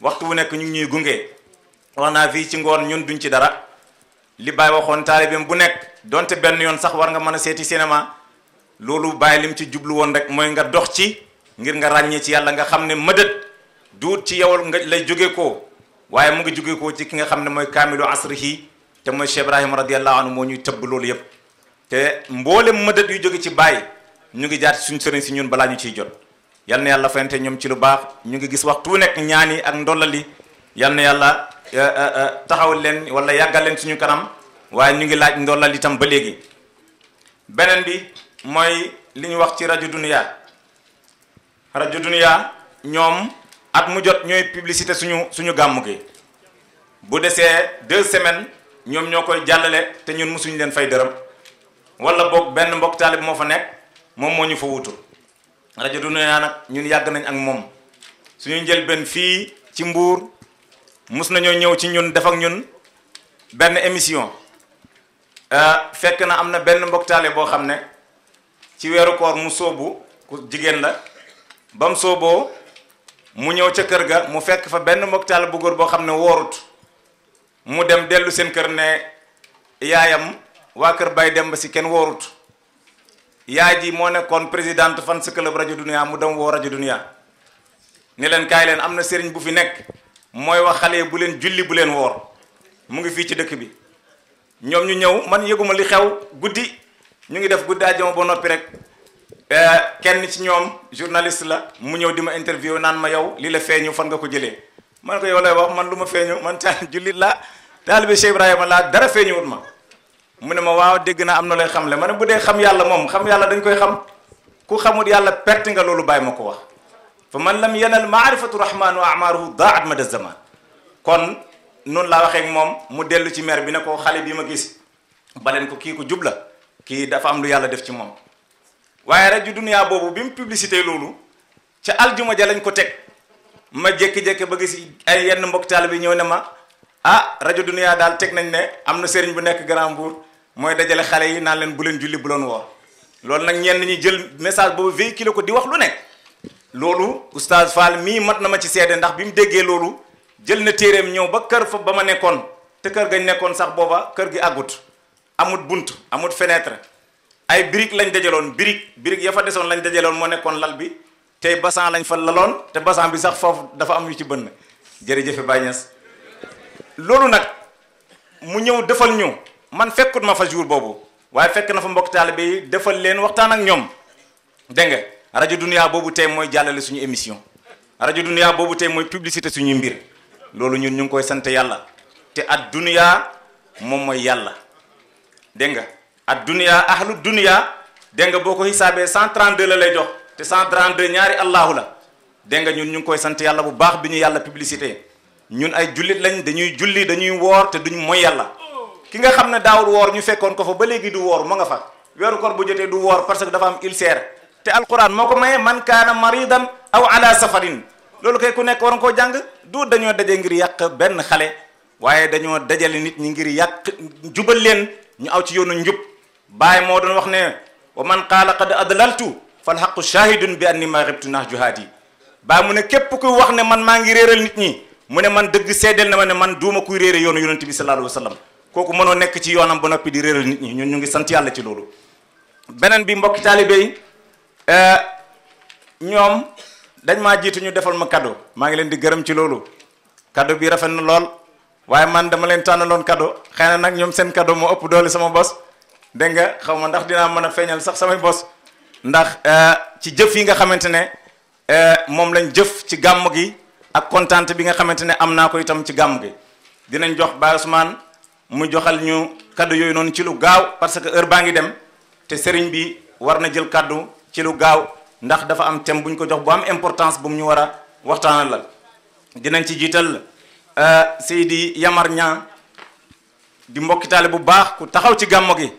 waxtu bu nekk ñu ngi ñuy gunge wax naa fii ci ngoon ñun duñ ci dara li Baye waxoon taalibeem bu nekk donte benn yoon sax war nga mën a seeti cinéma loolu Baye lim ci jublu woon rek mooy nga dox ci ngir nga ràññee ci yàlla nga xam ne mëdët duut ci yow nga lay jóge ko waaye mu ngi jóge ko ci ki nga xam ne mooy kaamilu asrihi te mooy Cheikh Ibrahima radiyallahu anhu moo ñuy tëbb loolu yëpp te mboolem mëdët yu jóge ci bàyyi ñu ngi jaar suñ sëriñ si ñun balaa ñu ciy jot yal na yàlla fayante ñoom ci lu baax ñu ngi gis waxtu nekk ñaan yi ak ndollali yal na yàlla eh, eh, eh, taxaw leen wala yàggal leen suñu kanam waaye ñu ngi laaj ndollal itam ba léegi beneen bi mooy li ñu wax ci rajo Dunia rajo Dunia ñoom ak mu jot ñooy publicité suñu suñu gàmmu gi bu desee deux semaines ñoom ñoo koy jàllale te ñun mosuñu leen fay dërëm wala boog benn mbokk taalib moo fa nekk moom moo ñu fa wutu rajo du naa nag ñun yàgg nañ ak moom suñu njëlbeen fii ci mbuur mus nañoo ñëw ci ñun def ak ñun benn émission euh, fekk na am na benn mbokk taalib boo xam ne ci weeru koor mu sóobu ku jigéen la bam sóoboo mu ñëw ca kër ga mu fekk fa benn moktaal bu góor boo xam ne woorut mu dem dellu seen kër ne yaayam waa kër bay dem ba si kenn woorut yaay ji moo nekkoon présidente fan sa club rajo dunia mu dem woo rajo dunia ni leen kaay leen am na sëriñ bu fi nekk mooy wax xale bu leen julli bu leen woor mu ngi fii ci dëkk bi ñoom ñu ñëw man yëguma li xew guddi ñu ngi def guddi ajjama ba noppi rek Eh, kenn ci ñoom journaliste la mu ñëw di ma interview naan ma yow li la feeñu fan nga ko jëlee man ko yow lay wax man lu ma feeñu man taal jullit la taalibe Cheikh Ibrahima laa dara feeñuwut ma mu ne ma waaw dégg naa am na looy xam le ma ne bu dee xam yàlla moom xam yàlla dañ koy xam ku xamut yàlla perte nga loolu bàyyi ma ko wax fa man lam yanal maarifatu rahman wa amaaruhu at ma de zaman kon noonu laa waxee ak moom mu dellu ci mer bi ne ko xale bi ma gis baleen ko kii ko jubla kii dafa am lu yàlla def ci moom waaye rajo duniyaa boobu bi mu publicité loolu ca aljuma ja lañ ko teg ma jékki-jékki ba gis ay yenn mbokk taalibe bi ñëw ne ma ah rajo duniyaa daal teg nañ ne am na sëriñ bu nekk Grand Mbour mooy dajale xale yi naa leen bu leen julli bu leen woor loolu nag ñenn ñi jël message boobu véhiculé ko di wax lu nekk loolu oustaz Fall mii mat na ma ci seede ndax bi mu déggee loolu jël na téeréem ñëw ba kër fa ba ma nekkoon te kër gañ nekkoon sax booba kër gi àggut amut bunt amut fenêtre ay birig lañ dajaloon birig birig ya fa desoon lañ dajaloon moo nekkoon lal bi tey basan lañ fa laloon te basan bi sax foofu dafa am yu ci bënn jërëjëfe Baye Niass loolu nag mu ñëw defal ñu man fekkut ma fa jour boobu waaye fekk na fa mbokk taalibe yi defal leen waxtaan ak ñoom dégg nga rajo Dunia boobu tey mooy jàllale suñu émission rajo Dunia boobu tey mooy publicité suñuy mbir loolu ñun ñu ngi koy sant yàlla te at Dunia moom mooy yàlla dégg nga ad dunya ahlu dunya dégg nga boko ko 132 la lay jox te 132 ñaari allahu la dégg nga ñun ñu koy sante yalla bu baax biñu yalla publicité ñun ay julit lañ dañuy julli dañuy wor te duñ moy yalla ki nga xam daawul ñu fekkon ko fa ba léegi du wor ma nga fa koor bu du wor parce que dafa am ulcère te alquran moko maye man kana maridan aw ala safarin loolu kay ku nekk war ko jang du dañu dajé ngir yak ben xalé waye dañu dajale nit ñi ngir yak jubal len ñu aw ci yoonu njub baay mo doon wax ne wa man qala qad adlaltu fal haqu shahidun bi anni ma ribtu juhadi ba mu ne kep ku wax ne man ma ngi reral nit ñi mu ne man deug sédel na ma ne man duma ku réere yoonu yoonu bi sallallahu alayhi wasallam sallam mëno nekk ci yoonam bu nopi di reral nit ñi ñun ñu ngi sant yalla ci lolu benen bi mbokk talibé yi eh, ñom dañ ma jitu ñu defal ma cadeau ma ngi leen di gërëm ci lolu cadeau bi rafet na lool waye man dama leen tanalon cadeau xëy nak ñom seen cadeau mo upp doole sama bos Denga nga ma ndax dina mën feñal sax samay bos ndax euh, ci jëf yi nga xamantene euh mom lañ jëf ci gam gi ak contente bi nga xamantene amna am ko itam ci gam gi dinañ jox Baye Ousmane mu joxal ñu kaddu yoy non ci lu gaaw parce que heure baangi dem te sëriñ bi warna na jël kaddu ci lu gaaw ndax dafa am thème buñ ko jox bu am importance bu mu ñu wara a waxtaanal la dinañ ci euh Seydi Yamar ñaan di mbokk bu baax ku taxaw ci gàmmo gi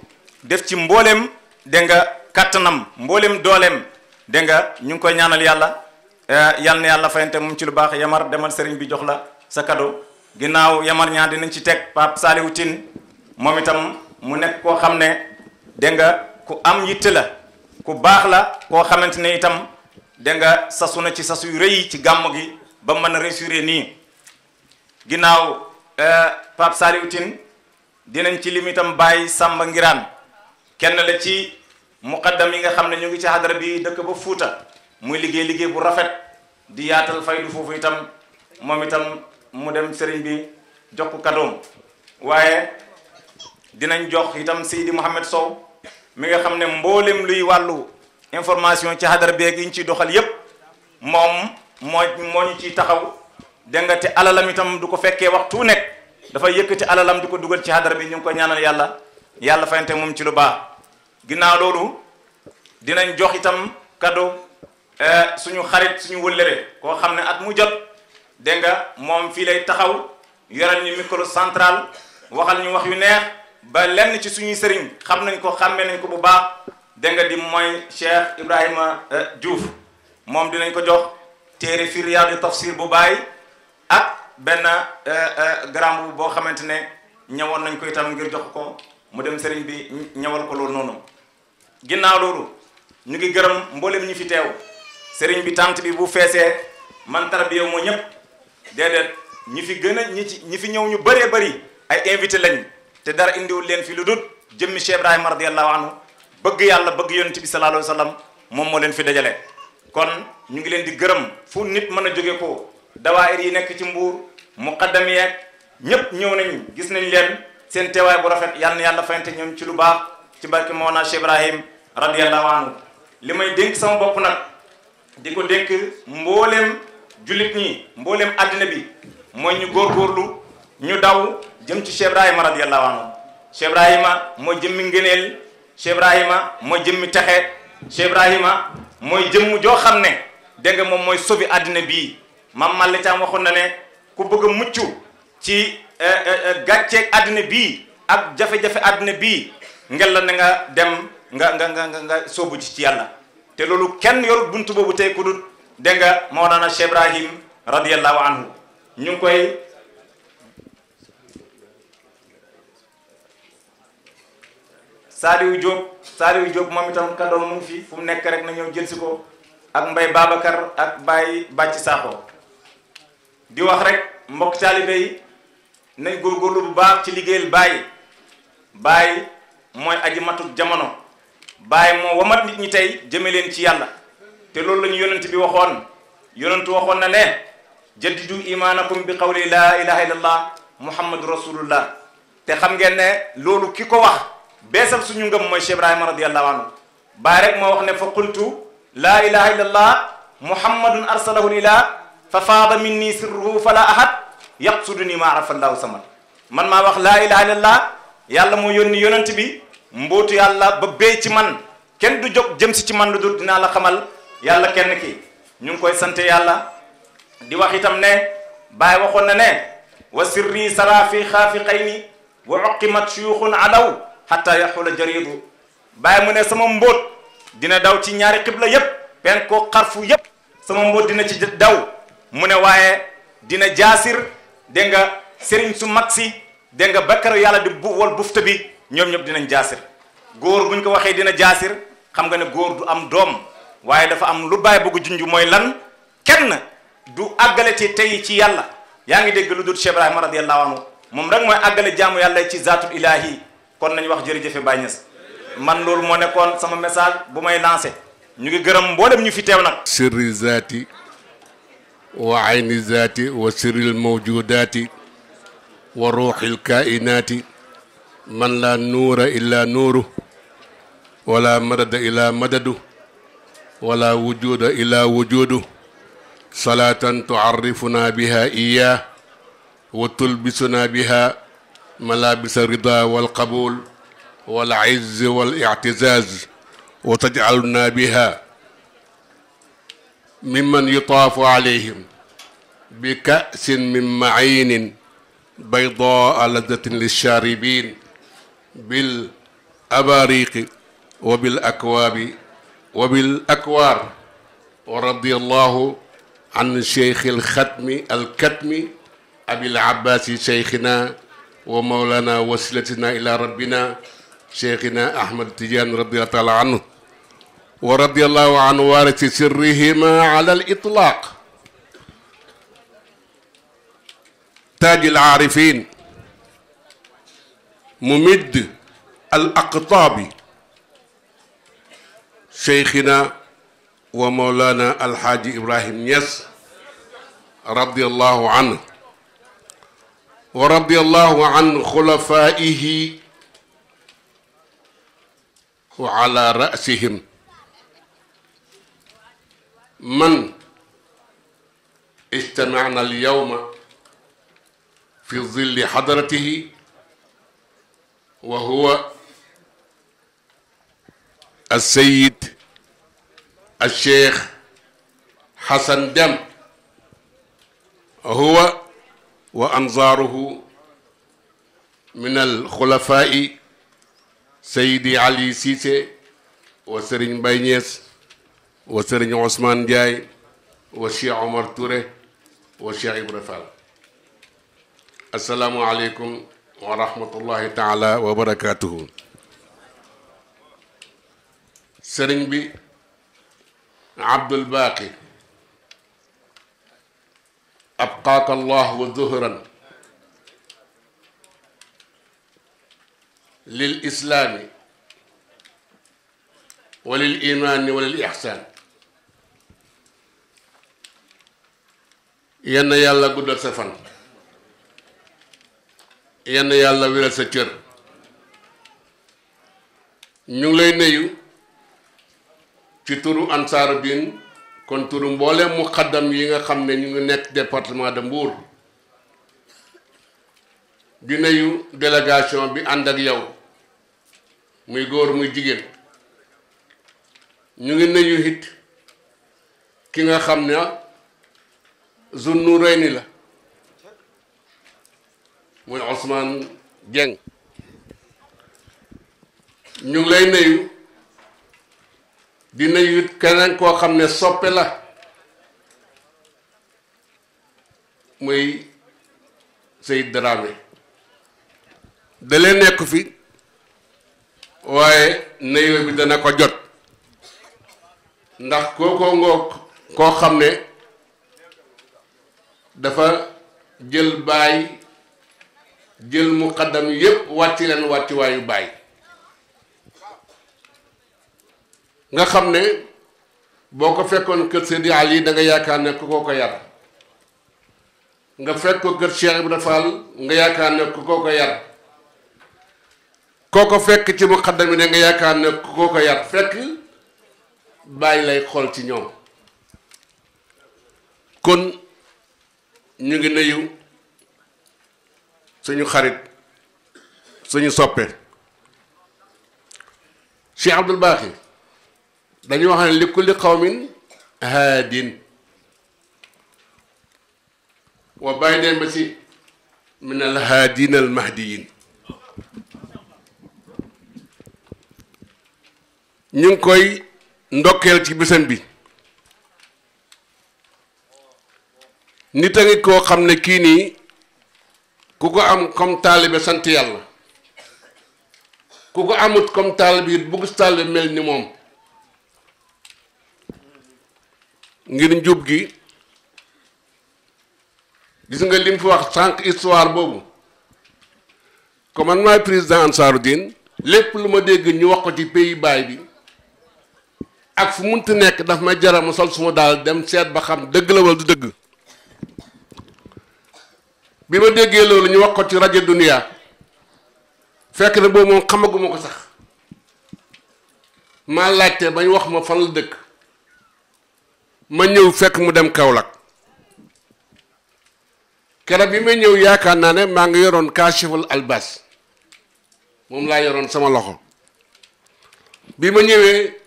def ci mbooleem dégg nga kattanam mbooleem dooleem dégg nga ñu ngi koy ñaanal yàlla eh, yal na yàlla fayante moom ci lu baax yamar demal sëriñ bi jox la sa kado ginnaaw yamar ñaan dinañ ci teg Pape Saliou Tine moom itam mu nekk koo xam ne dégg nga ku am yitte ku baax la koo xamante ne itam dégg nga sasu na ci sasu yu rëy ci gàmm gi ba mën a réussir nii ginnaaw eh, Pape Saliou Tine dinañ ci lim itam bàyyi Samba Ngiraan kenn la ci muqaddam yi nga xamne ñu ngi ci hadra bi dekk ba futa muy liggey liggey bu rafet di yaatal faydu fofu itam mom itam mu dem serigne bi jox ko cadeau waye dinañ jox itam Seydi Mouhamed Sow mi nga xamne mbollem luy walu information ci hadra be yi ci doxal yépp mom mo mo ñu ci taxaw dengati te alalam itam du ko fekke waxtu nek dafa yëkëti alalam di ko dugal ci hadra bi ñu ko ñaanal yalla yàlla fayante moom ci lu baax ginnaaw loolu dinañ jox itam cadeau eh, suñu xarit suñu wëllëre koo xam ne at mu jot dégg nga moom fii lay taxaw yoral ñu micro central waxal ñu wax yu neex ba lenn ci suñuy sëriñ xam nañ ko xàmmee nañ ko bu baax dégg nga di mooy Cheikh Ibrahima eh, Diouf moom dinañ ko jox téere fi Riyaadu tafsir bu bàyyi ak benn eh, garam boo xamante ne ñëwoon nañ ko itam ngir jox ko. mu dem sëriñ bi ñawal ko loolu noonu ginnaaw loolu ñu ngi gërëm mboolem ñi fi teew sëriñ bi tànt bi bu feesee man tara bi yow moo ñëpp déedéet ñi fi gën a ñi ci ñi fi ñëw ñu bëree bëri ay invité lañ te dara indiwul leen fi lu dut jëmmi Cheikh Ibrahima radiyallahu anhu bëgg yàlla bëgg yonent bi sallallahu alayhi moom moo leen fi dajale kon ñu ngi leen di gërëm fu nit mën a jóge ko dawaayir yi nekk ci mbuur muqaddam yeeg ñëpp ñëw nañ gis nañ leen seen teewaay bu rafet yal na yàlla fayante ñoom ci lu baax ci barke Mawlana Cheikh Ibrahim radiyallahu anhu li may dénk sama bopp nag di ko dénk mbooleem jullit ñi mbooleem àddina bi mooy ñu góorgóorlu ñu daw jëm ci Cheikh Ibrahima radiyallahu anhu Cheikh Ibrahima mooy jëmmi ngëneel Cheikh Ibrahima mooy jëmmi texe Cheikh Ibrahima mooy jëmm joo xam ne dégg moom mooy sobi àddina bii maam Malick Thiam waxoon ku bëgg a ci. Eh, eh, eh, gàcceeg àddina bi ak jafe-jafe àddina bii ngel na nga dem nga nga nga nga nga ci ci yàlla te loolu kenn yorut bunt boobu tey ku dut dégg nga Mawlana Cheikh anhu ñu ngi koy Saliou Diop Saliou Diop moom itam kaddoom mu fi fu mu nekk rek na ñëw jël si ko ak Mbaye Babacar ak Baye Bàcc Sakho di wax rek mbokk taalibe nañ gorlu bu baax ci liggéeyal bàyyi bàyyi mooy aji matuk jamono bàyyi moo wamat nit ñi tey jëme leen ci yàlla te loolu lañu ñu yonent bi waxoon yonentu waxoon na ne jaddidu imanakum bi qawli la ilaha illallah muhammadu rasulullah te xam ngeen ne loolu ki ko wax beesal suñu ngëm mooy Cheikh Ibrahima radiyallahu anhu baay rek moo wax ne fa qultu la ilaha illallah muhammadun arsalahu ila fa faada minni sirruhu fala ahad yaqsudu ni ma arafallahu samad man maa wax laa ilaha illallah yàlla moo yónni yonent bi mbootu yàlla ba bey ci man kenn du jóg jëm si ci man lu dul dinaa la xamal yàlla kenn ki ñu ngi koy sant yàlla di wax itam ne bàyyi waxoon na ne wa sirri saraafi xaafiqayni wa uqimat shuyuxun alaw xatta yaxula jaridu bàyyi mu ne sama mbóot dina daw ci ñaari xibla yépp pen koo xarfu yépp sama mbóot dina ci daw mu ne waaye dina jaasir dégg nga sëriñ su mag si dégg nga bakkaru yàlla di bu wal bufta bi ñoom ñëpp dinañ jaasir góor bu ñu ko waxee dina jaasir xam nga ne góor du am doom waaye dafa am lu bàyyi bugg junj mooy lan kenn du àggale te tey ci yàlla yaa ngi dégg lu dul Cheikh Ibrahima radiyallahu anhu moom rek mooy àggale jaamu yàlla ci zaatul ilahi kon nañu wax jërëjëfe Baye Niass man loolu moo nekkoon sama message bu may lancé ñu ngi gërëm mboolem ñu fi teew nag. sirri zaati. وعين الذات وسر الموجودات وروح الكائنات من لا نور إلا نوره ولا مدد إلا مدده ولا وجود إلا وجوده صلاة تعرفنا بها إياه وتلبسنا بها ملابس الرضا والقبول والعز والاعتزاز وتجعلنا بها ممن يطاف عليهم بكأس من معين بيضاء لذة للشاربين بالأباريق وبالأكواب وبالأكوار ورضي الله عن شيخ الختم الكتم أبي العباس شيخنا ومولانا وسلتنا إلى ربنا شيخنا أحمد تيجان رضي الله تعالى عنه ورضي الله عن وارث سرهما على الإطلاق تاج العارفين ممد الأقطاب شيخنا ومولانا الحاج إبراهيم يس رضي الله عنه ورضي الله عن خلفائه وعلى رأسهم من اجتمعنا اليوم في ظل حضرته وهو السيد الشيخ حسن دم هو وأنظاره من الخلفاء سيدي علي سيسي وسرين بينيس وسرين عثمان جاي وشيخ عمر توري وشيخ ابراهيم السلام عليكم ورحمه الله تعالى وبركاته سرين بي عبد الباقي ابقاك الله ظهرا للاسلام وللايمان وللاحسان yenn yàlla guddal sa fan yenn yàlla weer sa cër ñu ngi lay nuyu ci turu ansaaru diin kon turu mbooleem mu xaddam yi nga xam ne ñu ngi nekk département de Mbour di nuyu délégation bi ànd ak yow muy góor muy jigéen ñu ngi nuyu it ki nga xam ne Zul Nuurayni la muy Ousmane Dieng ñu ngi lay nuyu di nuyu keneen koo xam ne soppe la muy Seyd Dramé dalee nekk fi waaye nuyu bi dana ko jot ndax kookoo ngoo koo xam ne dafa jël baay jël muqaddam yépp wàcci leen wàcciwaayu baay nga xam ne boo ko fekkoon kër Seydi Ali danga yaakaar ne ku ko ko yar nga fekk ko kër Cheikh dafa Fall nga yaakaar ne ku ko ko koo fekk ci muqaddam ne nga yaakaar ne ku ko ko yar fekk bàyyi lay xool ci ñoom kon ñu ngi nuyu suñu xarit suñu soppe Cheikh Abdoul Baaxi dañu wax ne li kulli qawmin haadin wa bàyyi leen ba si min al haadin al mahdiyin ñu ngi koy ndokkeel ci bisam bi nit a ngi koo xam ne kii nii ku ko am comme taalibe sant yàlla ku ko amut comme taalibe it bu gis taalibe mel ni moom ngir njub gi gis nga lim fi wax sànq histoire boobu comme man maay président ansaarud lépp lu ñu wax ko ci pays baay bi ak fu munti nekk daf ma jara suma daal dem seet ba xam dëgg la wala du dëgg bi ma déggee loolu ñu wax ko ci rajo Dunia fekk na boobu moom xamaguma ko sax maa laajte ba bañ wax ma fan la dëkk ma ñëw fekk mu dem Kaolack keroog bi may ñëw yaakaar naa ne maa ngi yoroon kaasiful albas moom laa yoroon sama loxo bi ma ñëwee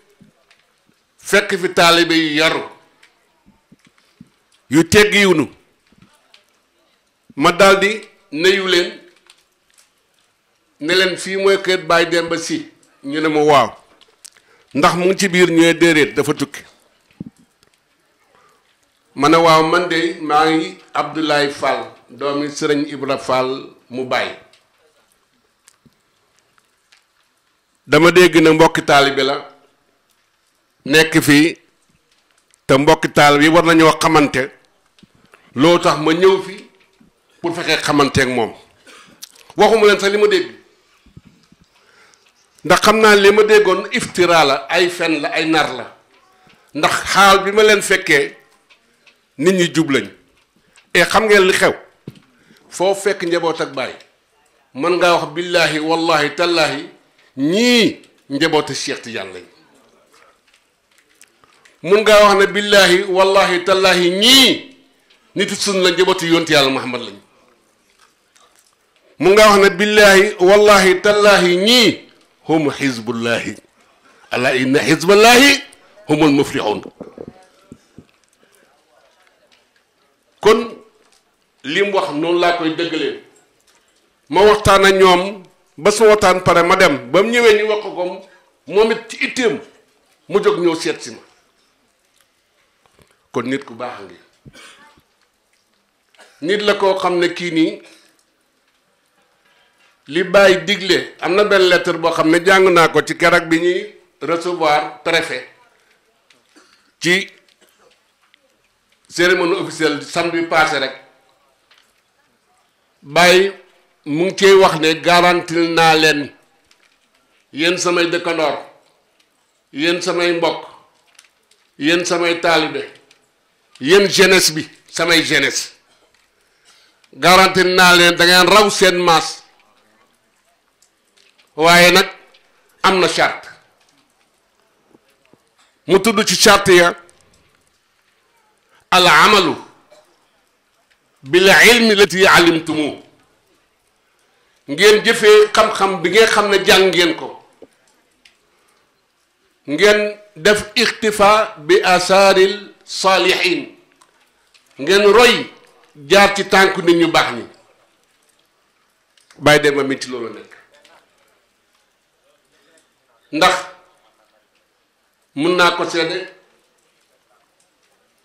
fekk fi taalibe yu yaru yu teggiwunu ma daldi nuyu leen ne leen fii mooy kër Baye Demba Sy ñu ne ma waaw ndax mu ngi ci biir ñëwee déedéet dafa tukki ma ne waaw man de maa ngi Abdoulaye Fall doomi sëriñ Ibra Fall mu bàyyi dama dégg ne mbokki taalibe la nekk fii te mbokki taalibe yi war nañoo xamante loo tax ma ñëw fi bu fexee xamanteeg moom waxuma leen sax li ma dégg ndax xam naa li ma déggoon iftira la ay fen la ay nar la ndax xaal bi ma leen fekkee nit ñi jub lañ et xam ngeen li xew foo fekk njaboot ak baay mën ngaa wax billaahi wallahi tallaahi ñii njabootu Cheikh Tidiane lañ mun ngaa wax ne billaahi wallahi tallaahi ñii nit sun la njabootu yonti yàlla Muhammad lañ mu nga wax ne billaahi wallahi tallaahi ñii hum xizbullaahi ala inna xizballaahi humul muflixuun kon lim wax noonu laa koy dëggalee ma waxtaan ak ñoom ba su waxtaan pare ma dem ba mu ñëwee ñu wax ko moom it ci itteem mu jóg ñëw seet si ma kon nit ku baax ngi nit la koo xam ne kii nii li bay diglé amna ben lettre bo xamné jang na ko ci kérak bi ñi recevoir préfet ci cérémonie officielle samedi passé rek bay mu ngi cey wax ne garantil na len yeen samay kandor yeen samay mbok yeen samay talibé yeen jeunesse bi samay jeunesse garantil na len da ngeen raw sen masse waaye nag am na charte mu tudd ci charte ya al amalu bil ilmi lati alimtumu ngeen jëfee xam-xam bi ngeen xam ne jàng ngeen ko ngeen def ixtifa bi asaaril saalihin ngeen roy jaar ci tànk nit ñu baax ñi bàyyi dem ma mit loolu nekk ndax mun naa ko seede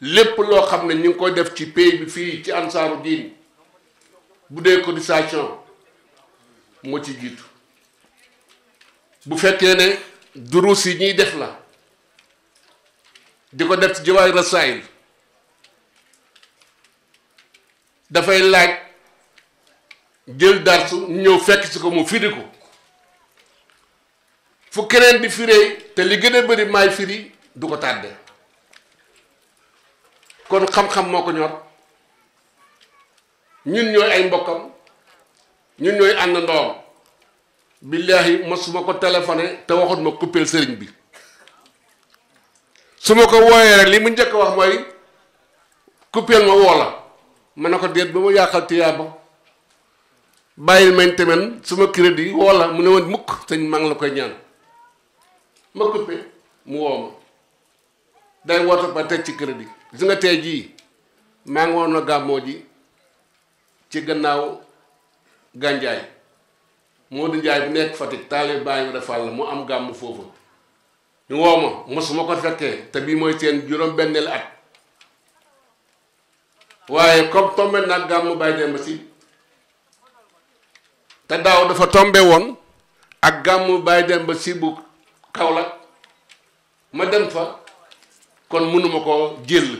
lépp loo xam ne ñu ngi koy def ci pays bi fii ci ansaaru diin bu dee cotisation moo ci jiitu bu fekkee ne duruus yi ñuy def la di ko def ci jawaay rasaayil dafay laaj jël darsu ñëw fekk si ko mu firi ko fu keneen di firee te li gën a bëri maay firi du ko tàdde kon xam-xam moo ko ñor ñun ñooy ay mbokkam ñun ñooy ànd ndoom billaahi ma su ma ko téléphoné te waxut ma kuppeel sëriñ bi su ma ko wooyee rek li mu njëkk wax mooy kuppeel ma woo la ma ne ko déet ba ma yàqal tiyaaba bàyyil mañ temen suma crédit woo la mu ne woon mukk sëñ maa la koy ñaan ma coupé mu woo day woote ba teg ci crédit gis nga tey jii maa ngi woon na gàmmoo ji ci gannaaw gànjaay Modou Ndiaye bu nekk Fatick taalibe Baay Ibra Fall la mu am gàmm foofu ñu woo ma ko fekkee te bii mooy seen juróom-benneel at waaye comme tombé nag gàmmu Baay Demba Si te daaw dafa tombé woon ak gàmmu Baay Demba Si bu kaw la ma dem fa kon mënuma ko jël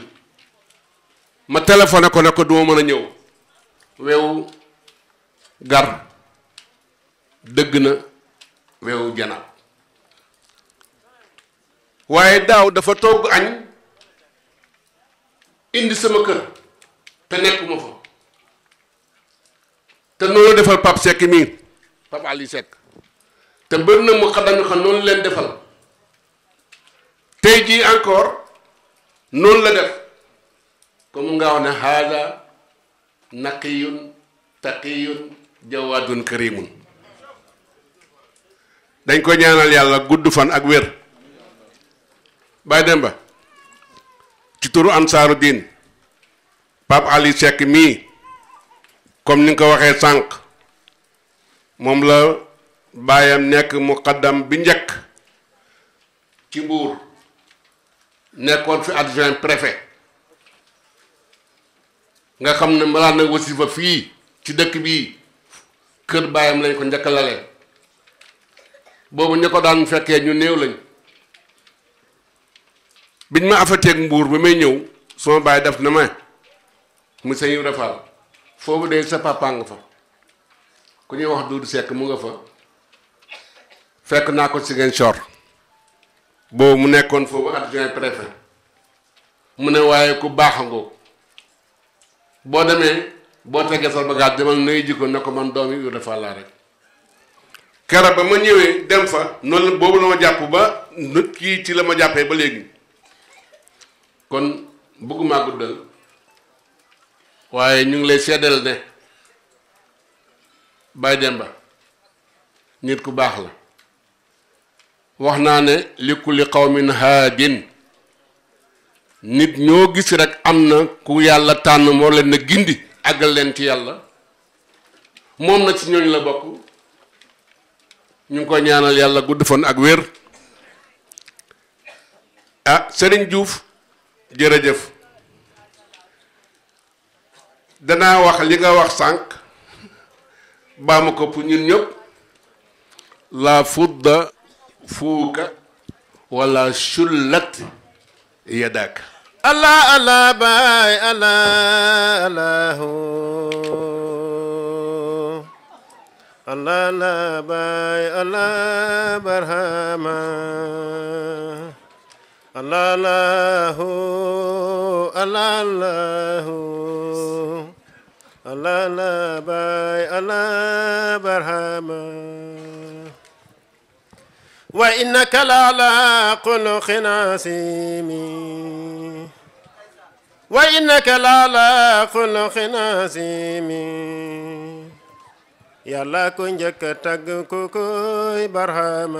ma téléphoné ko ne ko duma mën a ñëw wewu gar dëgg na wewu janaab waaye daaw dafa togg añ indi sama kër te nekkuma fa te noonu defal Pape Seck mii Pape Ali Seck te bëri na mu xadañu xam noonu leen defal tey jii encore noonu la def comme nga wax ne haada naqiyun taqiyun jawadun karimun dañ ko ñaanal yàlla gudd fan ak wér bàyyi dem ba ci turu ansaaru diin Ali Seck mii comme ni nga ko waxee sànq la baayam nekk muqaddam bi njëkk ci mbuur nekkoon fi adjoint préfet nga xam ne malaan na wasifa fii ci dëkk bii kër baayam lañ ko njëkk lalee boobu ñu ko daan fekkee ñu néew lañ biñ ma afateeg mbuur bi may ñëw suma baay def na ma monsieur Ibra Fall foofu de sa papa fa ku ñuy wax Doudou Seck mu nga fa fekk naa ko Ziguinchor boobu mu nekkoon foofu adjoint préfet mu ne waaye ku baax a ngoog boo demee boo tegee sa bagage demal nuyu jikko ne ko man doom yi yu defal laa rek keroog ba ma ñëwee dem fa noonu boobu la ma jàpp ba nit kii ci la ma jàppee ba léegi kon bëgguma guddal waaye ñu ngi lay seddal ne Baye ba nit ku baax la wax naa ne li kulli qawmin haadin nit ñoo gis rekk am na ku yàlla tànn moo leen gindi àggal leen ci yàlla moom na ci ñooñu la bokk ñu ngi koy ñaanal yàlla gudd fan ak wér ah Serigne Diouf jërëjëf danaa wax li nga wax sànq baa ma ko pour ñëpp la fudda فوق ولا شلت يداك الله الله باي الله الله الله الله باي الله برهما الله الله الله الله الله الله باي الله برهما وإنك لعلى خلق نسيم وإنك لعلى خلق نسيم يا الله كن جك تجكوك إبراهيم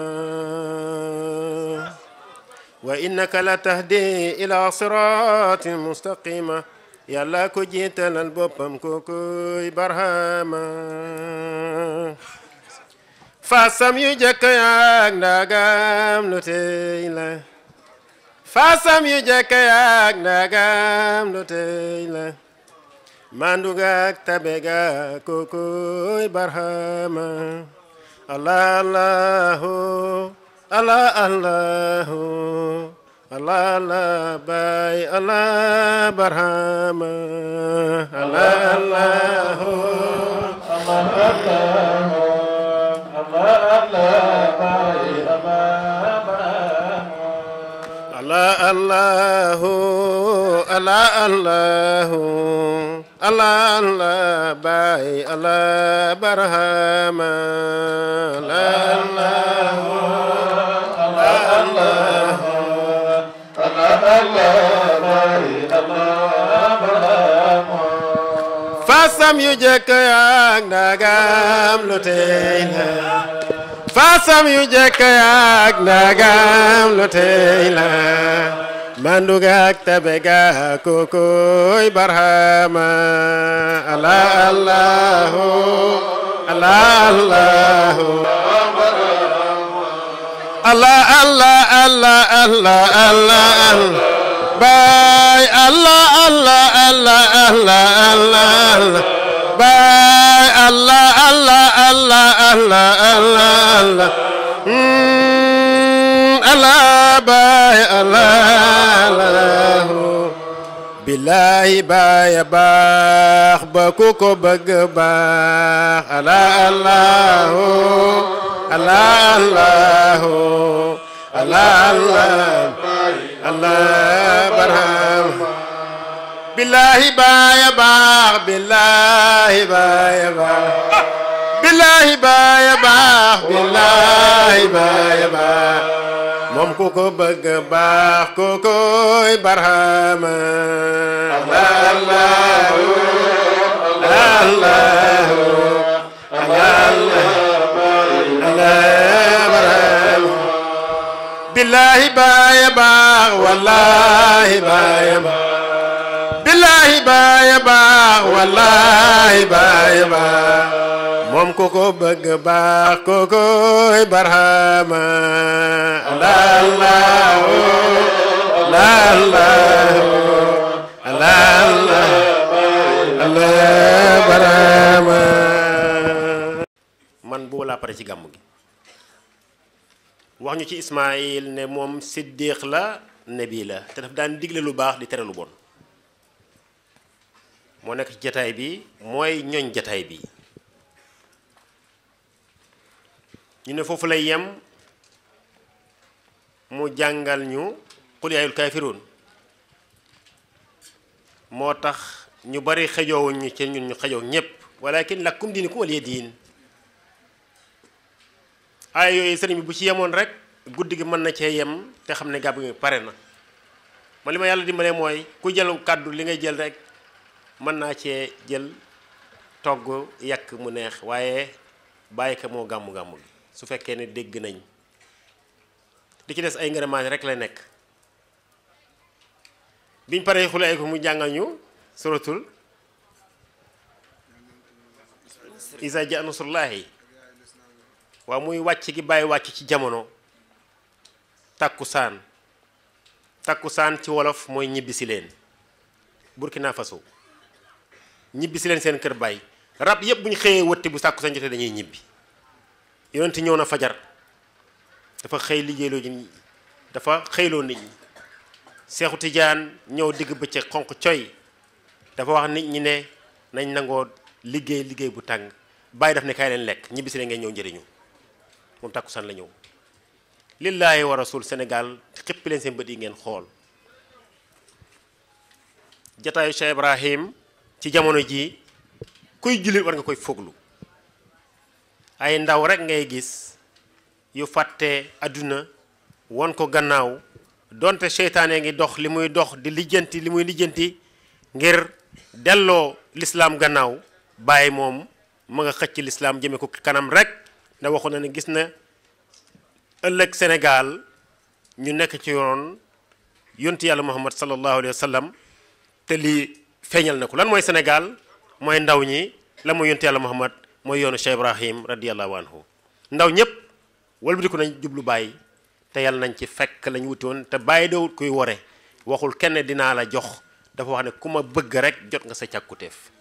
وإنك لا تهدي إلى صراط مستقيم يا الله كجيت للبوبم كوكو إبراهيم faasam yu jëkk yaak ndagam lu tey la faasam yu jëkk yaak ndagam lu tey la mandu gaak tabe gaak kokoy barhama allah allahu allah allahu allah allah bay allah barhama allah allahu allah allahu الله الله الله الله الله باي الله برهام الله الله الله الله الله فاسم يجك يا نغام لتين faasam yu jëkk yaak ndagam lu tey la mandugaak tabe gaa kokoy barhama allah allah allahu allah allah allah allah allah allah allah allah allah الله الله الله الله الله الله الله باي الله الله بالله باي باخ بكوكو بق باخ الله الله الله الله الله الله الله الله الله بالله بايع باغ بالله بايع باغ بالله بايع باغ بالله بايع باغ moom ku ko bëgg الله الله الله الله الله الله بالله بايع باغ والله بايع باغ wallaahi baaya baax wallaahi baaya baax moom ku ko bëgg baax kookoy barhama alaalaahu oh, oh, man boo laa pare ci gàmb gi wax ñu ci Ismaayil ne moom siddiq la nebi la te daf daan digle lu baax di tere lu bon mo nek ci bi moy ñoñ jotaay bi ñu ne fofu lay yem mu jangal ñu qul yaayul kafirun motax ñu bari xejoowuñ ñu ci ñun ñu xejoow ñépp walakin lakum diinukum waliya yadin ay yoy sëriñ bi bu ci yemon rek guddi gi na ci yem te xamne ne gi pare na ma lima yalla dimbalé moy ku jël kaddu li ngay jël rek mën naa cee jël togg yàq mu neex waaye bàyyi ko moo gàmmu-gàmmu gi su fekkee ne dégg nañ li ci des ay ngërëmaane rek la nekk biñ paree xule ay ko mu jàngal ñu suratul isa ja nasrullahi waaw muy wàcc gi bàyyi wàcc ci jamono saan takkusaan saan ci wolof mooy ñibbisi leen Burkina Faso ñibbi si len seen kër bay rab yeb buñ xeyé xëyee wëtti bu sakku sañ jotee dañuy ñibbi yonent ñëw na fajar dafa xey liggéeyloo ji dafa xeylo nit ñi cheikhou tidiane ñëw digg bëccëg xonq coy dafa wax nit ñi ne nañ nango liggéey liggéey bu tang bay daf ne len lek ñibbi ñibbisi len ngeen ñëw mu takku san la ñëw lillahi wa rasul senegal xepp len seen bëdi ngeen xool jotaay Cheikh Ibrahim ci jamono jii kuy jullit war nga koy foglu ay ndaw rekk ngay gis yu fàtte àdduna won ko gannaaw donte seytaane ngi dox li muy dox di lijjanti li muy lijjanti ngir delloo lislaam gannaaw bàyyi moom ma nga xëcc lislaam jëme ko kanam rek nda waxu na ne gis na ëllëg senegal ñu nekk ci yoon yonti yàlla muhammad sallallahu alayhi wa te lii feeñal na ko lan mooy Sénégal mooy ndaw ñi la mu yonte yàlla Muhammad mooy yoonu Cheikh Ibrahim radiyallahu anhu ndaw ñëpp walbatiku nañ jublu bàyyi te yàlla nañ ci fekk lañu wuti woon te bàyyi dawul kuy wore waxul kenn dinaa la jox dafa wax ne ku ma bëgg rek jot nga sa càkkutéef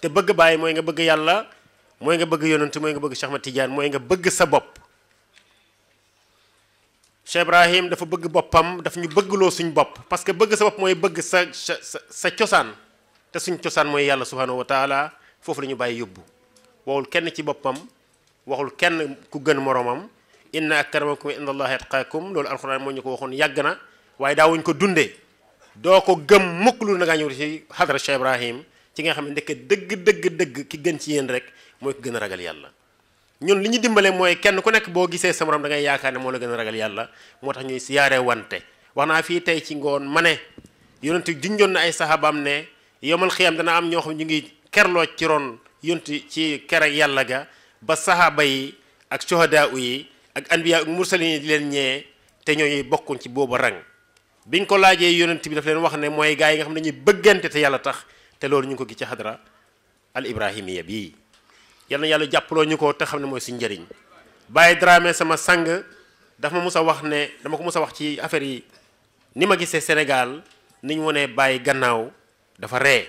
te bëgg bàyyi mooy nga bëgg yàlla mooy nga bëgg yonent mooy nga bëgg Cheikh Ahmad Tidiane mooy nga bëgg sa bopp Cheikh Ibrahim dafa bëgg boppam daf ñu bëggloo suñ bopp parce que bëgg sa bopp mooy bëgg sa sa sa cosaan te suñ ciosan moy yàlla subhanahu wa taala fofu lañu baye yóbbu wawul kenn ci bopam waxul kenn ku gën moromam inna akramakum inda allahi atqakum lol alquran moo ko waxon yagna waye waaye daawuñ ko dundé do ko gëm mukk lu na ngaa ñëw ci hadra Cheikh Ibrahim ci nga xamne nek deug deug deug ki gën ci yéen rek moy ko gën ragal yàlla ñun li ñu dimbale moy kenn ku nek bo gisé sa morom da ngay yaakaar ne moo la gën ragal yàlla motax ñuy siyaré wante waxna fi tay ci ngoon mané ne yonent na ay sahabam ne yomal xiyam dana am ñoo xam ñu ngi kerloo ci ron yonti ci ker ak yàlla ga ba sahaaba yi ak sohadaa u yi ak anbiya ak mursalin yi leen ñee te ñooñuy bokkuñ ci boobu rang biñ ko laajee yonent bi daf leen wax ne mooy gaa yi nga xam ne dañuy bëggante te yàlla tax te loolu ñu ngi ko gi ci xadra al ibrahimiya bii yal yàlla jàppaloo ñu ko te xam ne mooy si njariñ bàyyi Dramé sama sang dafa ma mus a wax ne dama ko mus a wax ci affaire yi ni ma gisee Sénégal ni ñu bàyyi gannaaw dafa ree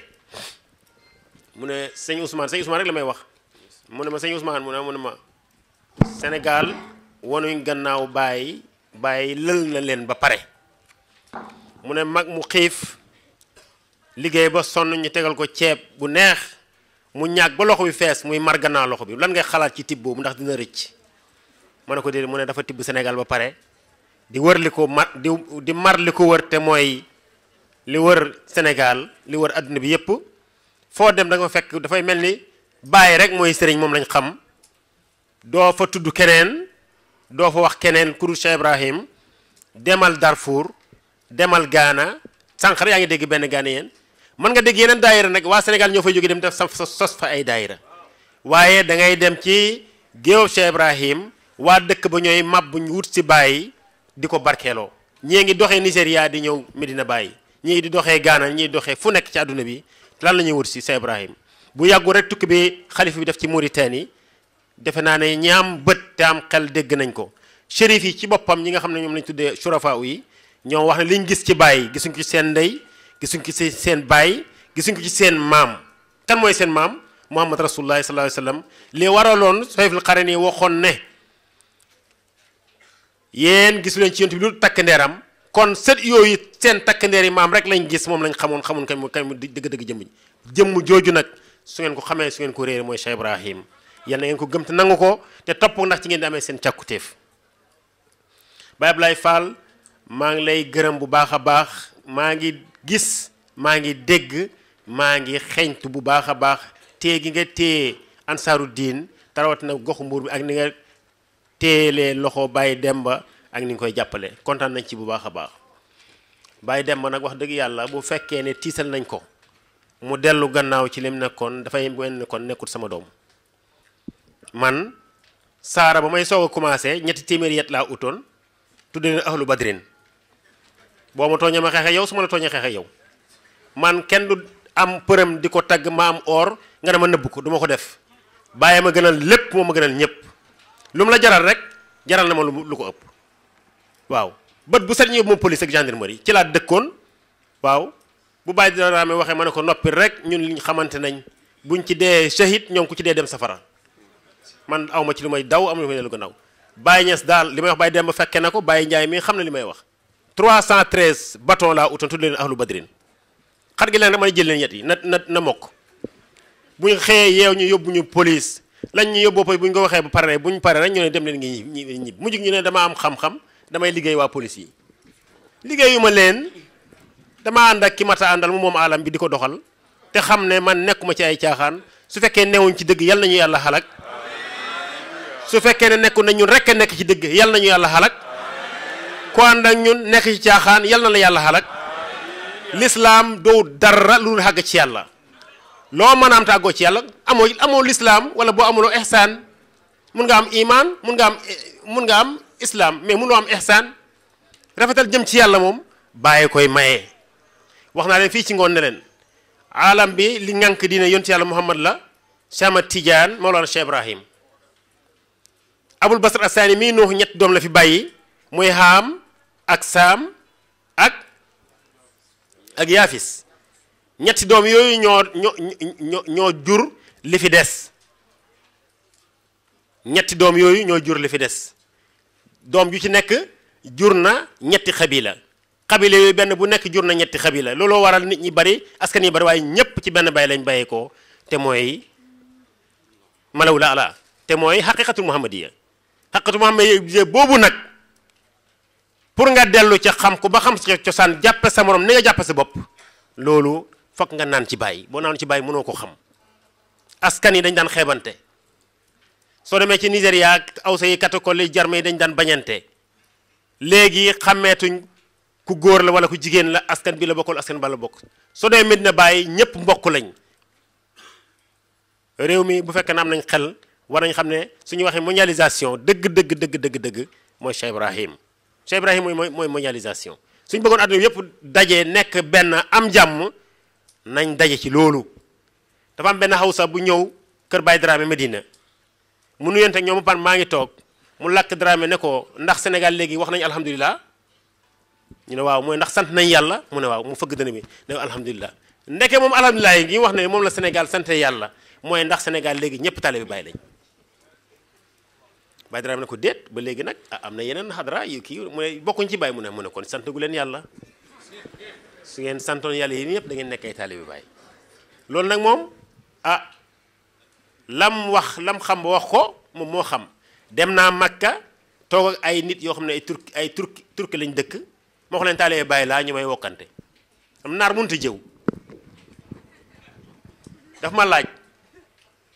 mu ne sëñ Ousmane sëñ Ousmane rek la may wax mu ne ma sëñ Ousmane mu ne mu ne ma Sénégal wanuñ gannaaw bàyyi bàyyi lël na leen ba pare mu ne mag mu xiif liggéey ba sonn ñu tegal ko ceeb bu neex mu ñàkk ba loxo bi fees muy mar gannaaw loxo bi lan ngay xalaat ci tibb boobu ndax dina rëcc ma ne ko déedéet mu ne dafa tibb senegal ba pare di wër li ko mar di di mar li ko wër te mooy li wër Sénégal li wër aduna bi yépp foo dem da nga fekk dafay mel ni bàyyi rek mooy sëriñ moom lañ xam doo fa tudd keneen doo fa wax keneen kuru Cheikh Ibrahim demal Darfour demal Ghana sànqar yaa ngi dégg benn Ghanéen man nga dégg yeneen daayira nag waa Sénégal ñoo fay dem def sos fa ay daayira waaye da ngay dem ci géew Cheikh Ibrahim waa dëkk ba ñooy mab wut ci bàyyi di ko barkeeloo ñée ngi doxee Nigéria di ñëw Medina Baye ñii di doxee Gaana ñii doxee fu nekk ci àdduna bi lan la ñuy wër si Cheikh Ibrahim bu yàggu rek tukki bi xalifa bi def ci Mauritanie defe naa ne ñaam bët te am xel dégg nañ ko shérif yi ci boppam ñi nga xam ne ñoom lañ tuddee shurafa yi ñoom wax ne liñ gis ci baay gisuñ ko ci seen ndey gisuñ ko ci seen baay gisuñ ko ci seen maam kan mooy seen maam muhammad rasulullah sa alayhi wasallam li waraloon sayful xarani waxoon ne yéen gisuleen ci yonent bi lu takk ndeeram kon sët yooyu seen takkandeer yi maam rek lañ gis moom lañ xamoon xamoon kañ mu kañ mu dëgg-dëgg jëmm jëmm jooju nag su ngeen ko xamee su ngeen ko réere mooy Cheikh Ibrahim yal na ngeen ko gëm te ko te topp ndax ci ngeen di seen càkkutéef Baye Ablaye Fall maa ngi lay gërëm bu baax a baax maa ngi gis maa ngi dégg maa ngi xeñtu bu baax a baax tée gi nga téye ansaaru diin tarawat na goxu mbuur bi ak ni nga téelee loxo bàyyi demba ak ni koy jàppale kontaan nañ ci bu baax a baax bàyyi dem ba nag wax dëgg yàlla bu fekkee ne tiisal nañ ko mu dellu gannaaw ci lim nekkoon dafay wenn kon nekkut sama dom man saara bu may soog a commencé ñetti téeméeri yet uton utoon tudde ahlu badrin boo ma makai ma xeexe yow su ma man kenn du am perem di kota am or nga ne buku nëbb ko du ma ko def bàyyi ma gënal lépp moo ma gënal ñëpp lum la jaral rek jaral na ma lu ko upp waaw bët bu set ñu yóbbu moom police ak gendarmerie ci laa dëkkoon waaw bu bàyyi dara raame waxee ma ne ko noppi rek ñun liñ xamante nañ buñ ci dee shahid ñoom ku ci dee dem safara man aw ma ci lu may daw am lu may dellu gannaaw Baye Niass daal li may wax Baye Demba fekke na ko Baye Ndiaye mi xam na li may wax. 313 bâton laa utoon tudd leen ahlu badrin xar leen rek may jël ñett yi na na na mokk bu ñu xëyee yeew ñu yóbbu ñu police lañ ñu yóbboo buñ ko waxee ba pare buñ pare rek ñu ne dem leen ngi ñib ñib mujj ñu ne dama am xam-xam. damay liggéey waa police yi liggéeyuma leen dama ànd ak ki mata àndal moom alam bi di ko doxal te xam ne man nekkuma ci ay caaxaan su fekkee newuñ ci dëgg yàlla nañu yàlla xalak su fekkee ne nekku na ñun rek a nekk ci dëgg yàlla nañu yàlla xalak ku ànd ak ñun nekk ci caaxaan yàlla na la yàlla xalak lislaam doo dara lu dul xàgg ci yàlla loo mën a am tàggoo ci yàlla amoo amoo lislaam wala boo amuloo ihsaan mun nga am imaan mun nga am eh, mun nga am islaam mais mënoo am ihsaan rafetal jëm ci yàlla moom bàyyi koy maye. wax naa leen fii ci ngoon ne leen alam bi li ngànk diine yonent yàlla muhammad la Chama Tidiane Mawlana Cheikh Ibrahim abul basar asaani mii nuux ñetti doom la fi bàyyi muy haam ak saam ak ak yaafis ñetti doom yooyu ñoo ñoo ñoo jur li fi des ñetti doom yooyu ñoo jur li fi des doom ju ci nekk jur na ñetti xabila xabila yooyu benn bu nekk jur na ñetti xabila looloo waral nit ñi bari askan yi bari waaye ñépp ci benn bay lañ bàyyee ko te mooy malaw la ala te mooy xaqiqatul muhammadiya xaqiqatul muhammadiya boobu nag pour nga dellu ca xam ko ba xam sa cosaan jàppe sa morom ni nga jàppe sa bopp loolu fokk nga naan ci bàyyi boo naan ci bàyyi mënoo ko xam askan yi dañ daan xeebante soo demee ci Nigéria ak awsa yi katakolle jarme yi dañ daan bañante léegi xàmmeetuñ ku góor la wala ku jigéen la askan bi la bokkul askan ba la bokk soo demee Medina bàyyi ñëpp mbokk lañ réew mi bu fekkee na am nañ xel war nañ xam ne suñu waxee mondialisation dëgg dëgg dëgg dëgg mooy Cheikh Ibrahim Cheikh Ibrahim mooy mooy mondialisation suñ bëggoon àdduna yëpp daje nekk benn am jàmm nañ daje ci loolu dafa am benn xawsa bu ñëw kër Baye Dramé Medina. mu nuyonte ak ñoom pan maa ngi toog mu làkk Dramé ne ko ndax Sénégal léegi wax nañu alhamdulilah ñu ne waaw mooy ndax sant nañ yàlla mu ne waaw mu fëgg dënn bi ne alhamdulilah ndeke moom alhamdulilah yi ngi wax ne moom la Sénégal sant yàlla mooy ndax Sénégal léegi ñëpp taalibe Baay lañ Baay Dramé ne ko déet ba léegi nag ah am na yeneen xadra yu kii mu ne bokkuñ ci Baay mu ne mu ne kon sant gu leen yàlla su ngeen santoon yàlla yi ñëpp dangeen ngeen nekk ay taalibe Baay loolu nag moom ah lam wax lam xam wax ko moom moo xam dem naa Makka toog ay nit yoo xam ne ay turk ay turk lañ dëkk moo xam leen taalee bàyyi laa ñu may wokkante am naar mënut a jëw daf ma laaj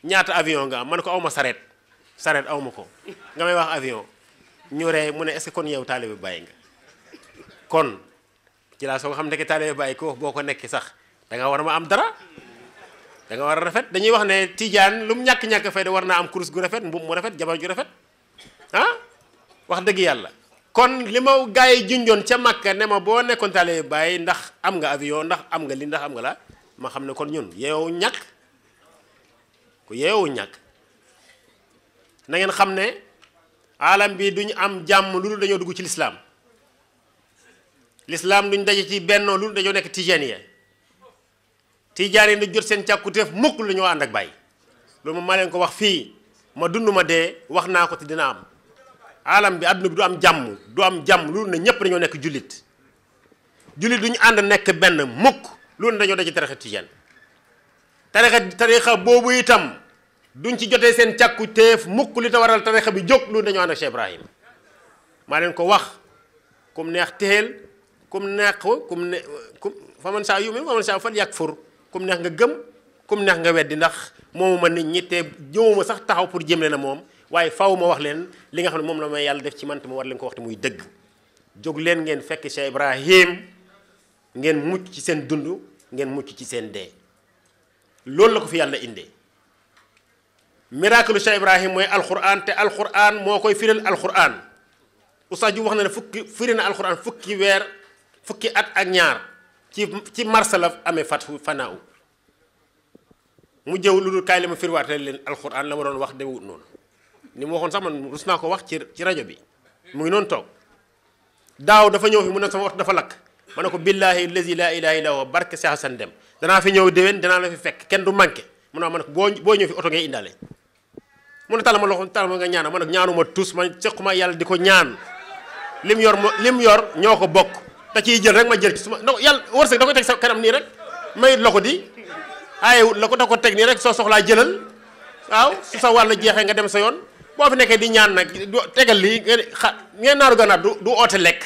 ñaata avion nga am man ko awma sareet sareet awma ko nga may wax avion ñu ree mu ne est-ce que kon yow taalibe bàyyi nga kon ci laa soo nga xam ne taalibe bàyyi ko boo ko nekkee sax danga nga war ma am dara danga war a rafet dañuy wax ne tiijaan lu mu ñàkk-ñàkk fay da war naa am kurus gu rafet mbub mu rafet jabar ju rafet ah? wax dëgg yàlla kon li ma gars yi junjoon ca Makka ne ma boo nekkoon taale bàyyi ndax am nga avion ndax am nga li ndax am nga la ma xam ne kon ñun yeewu ñàkk ku yeewu ñàkk na ngeen xam ne alam bi duñu am jàmm lu dul dañoo dugg ci lislaam lislaam duñ daje ci bennoo lu dul dañoo nekk tijaan ya tijaan yi du jot seen càkkutéef mukk lu ñoo ànd ak bàyyi loolu moom maa leen ko wax fii ma dund ma dee wax naa ko te dina am alam bi àdduna bi du am jàmm du am jàmm loolu ne ñépp dañoo nekk jullit jullit du ànd nekk benn mukk loolu dañoo daje tarixa tijaan tarixa tarixa boobu itam duñ ci jotee seen càkku téef mukk li ta waral tarixa bi jóg loolu dañoo ànd ak Cheikh Ibrahim maa leen ko wax kum neex teel kum neex kum ne kum faman saa yu'min waman saa kum neex nga gëm kum neex nga weddi ndax moomuma nit ñi te ñëwuma sax taxaw pour jëm na moom waaye faaw ma wax leen li nga xam ne moom la may yàlla def ci man te ma war leen ko wax te muy dëgg jóg leen ngeen fekk Cheikh Ibrahim ngeen mucc ci seen dund ngeen mucc ci seen dee loolu la ko fi yàlla inde miracle Cheikh Ibrahim mooy alquran te alquran moo koy firil alquran oustaz ju wax na ne fukki firi na alquran fukki weer fukki at ak ñaar ci ci marsa la amee fathu fanaaw mu jëw lu dul kaay la ma firwaatee leen alxuraan la ma doon wax demewut noonu ni mu waxoon sax man rus naa ko wax ci ci rajo bi mu ngi noonu toog daaw dafa ñëw fi mun ne sama waxtu dafa lakk ma ne ko billaahi lazi laa ilaaha illaa huwa barke Seex Asan Dem danaa fi ñëw déwén danaa la fi fekk kenn du manqué mu ne ma ne ko boo boo ñëw fi oto ngay indaale mu ne tàll ma loxo tàll ma nga ñaana ma ne ko ñaanuma tus man sequma yàlla di ko ñaan lim yor ma lim yor ñoo ko bokk te ciy jël rek ma jël ci suma donc yàlla wërsëg da ko teg sa kanam nii rek may la ko di aaye la ko da ko teg nii rek soo soxlaa jëlal waaw su sa wàll jeexee nga dem sa yoon boo fi nekkee di ñaan nag tegal lii xa ngeen naaru ganaar du du lekk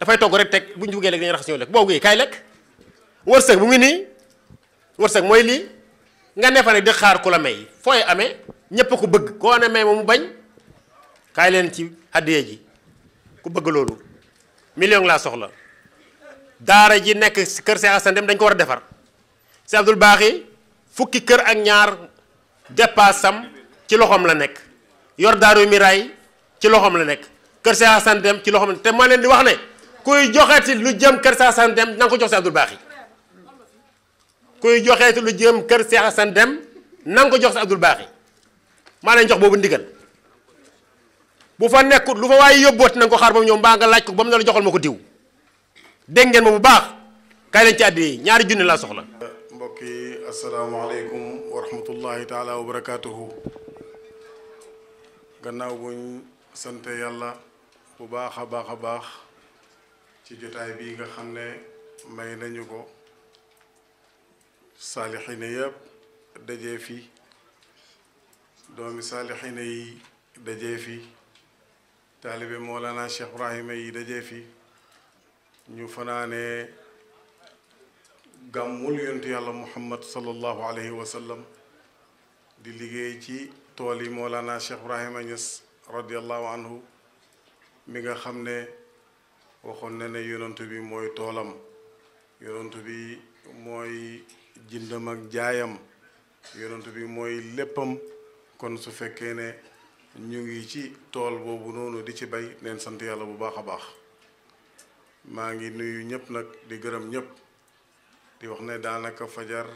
dafay togg rek teg bu ñu buggee lekk dañuy boo buggee kaay wërsëg bu ngi nii wërsëg mooy lii nga ne fa ne di xaar ku la may fooy amee ñépp ko bëgg koo ne may mu bañ kaay leen ci àddiyee ji ku bëgg loolu million laa soxla daara ji nekk kër Cheikh Assane Deme dañ ko war a defar si Abdoul Baaxi fukki kër ak ñaar dépassam ci loxoom la nekk yor daaru miraay ci loxoom la nekk kër Cheikh Assane Deme ci loxoom la te ma leen di wax ne kuy joxeeti lu jëm kër Cheikh Assane Deme na ko jox si Abdoul Baaxi kuy joxeeti jëm kër Cheikh Assane Deme ko jox si Abdoul Baaxi maa jox boobu ndigal bu fa nekkut lu fa waaye yobot nang ko xar bam ñom ba nga laaj ko bam mu la joxal mako diw dégg ngeen mo bu baax kay lañ ci addi ñaari jooni la soxla mbokk yi alaykum wa rahmatullahi taala wa barakatuh gannaaw buñ sante yalla bu baaxa baaxa baax ci jotaay bi nga xamne may nañu ko salihin yeb dajé fi doomi salihin yi dajé fi taalibe Mawlana Cheikh Ibrahima yi dajee fi ñu fanaane gàmmul yontu yàlla muhammad sallallahu alayhi wa di liggéey ci tool yi Mawlana Cheikh Ibrahima Niass radiallahu anhu mi nga xam ne waxoon na ne yonent bi mooy toolam yonent bi mooy jëndam ak jaayam yonent bi mooy léppam kon su fekkee ne ñu ngi ci tool boobu noonu di ci bay neen sant yàlla bu baax a baax maa ngi nuyu ñëpp nag di gërëm ñëpp di wax ne daanaka fajar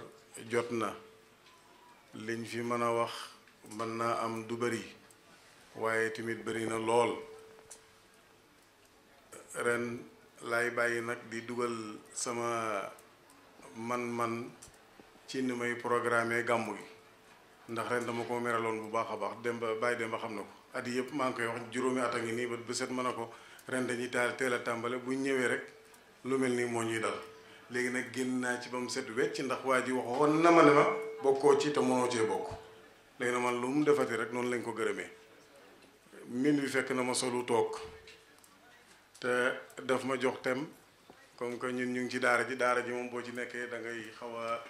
jot na liñ fi mën a wax mën naa am du bëri waaye tamit bëri na lool ren laay bàyyi nag di dugal sama man-man ci ni may programme gàmmu gi ndax ren dama ko meraloon bu baax a baax dem ba bàyyi dem ba xam na ko at yi yëpp maa ngi koy wax juróomi at a ngi nii ba bu set mën a ko ren dañuy taal teel tàmbale bu ñëwee rek lu mel nii moo ñuy dal léegi nag génn naa ci ba mu set wecc ndax waa ji waxoon na ma ne ma bokkoo ci te mënoo cee bokk léegi na man lu mu defati rek noonu lañ ko gërëmee min bi fekk na ma solu toog te daf ma jox tem comme que ñun ñu ngi ci daara ji daara ji moom boo ci nekkee da ngay xaw a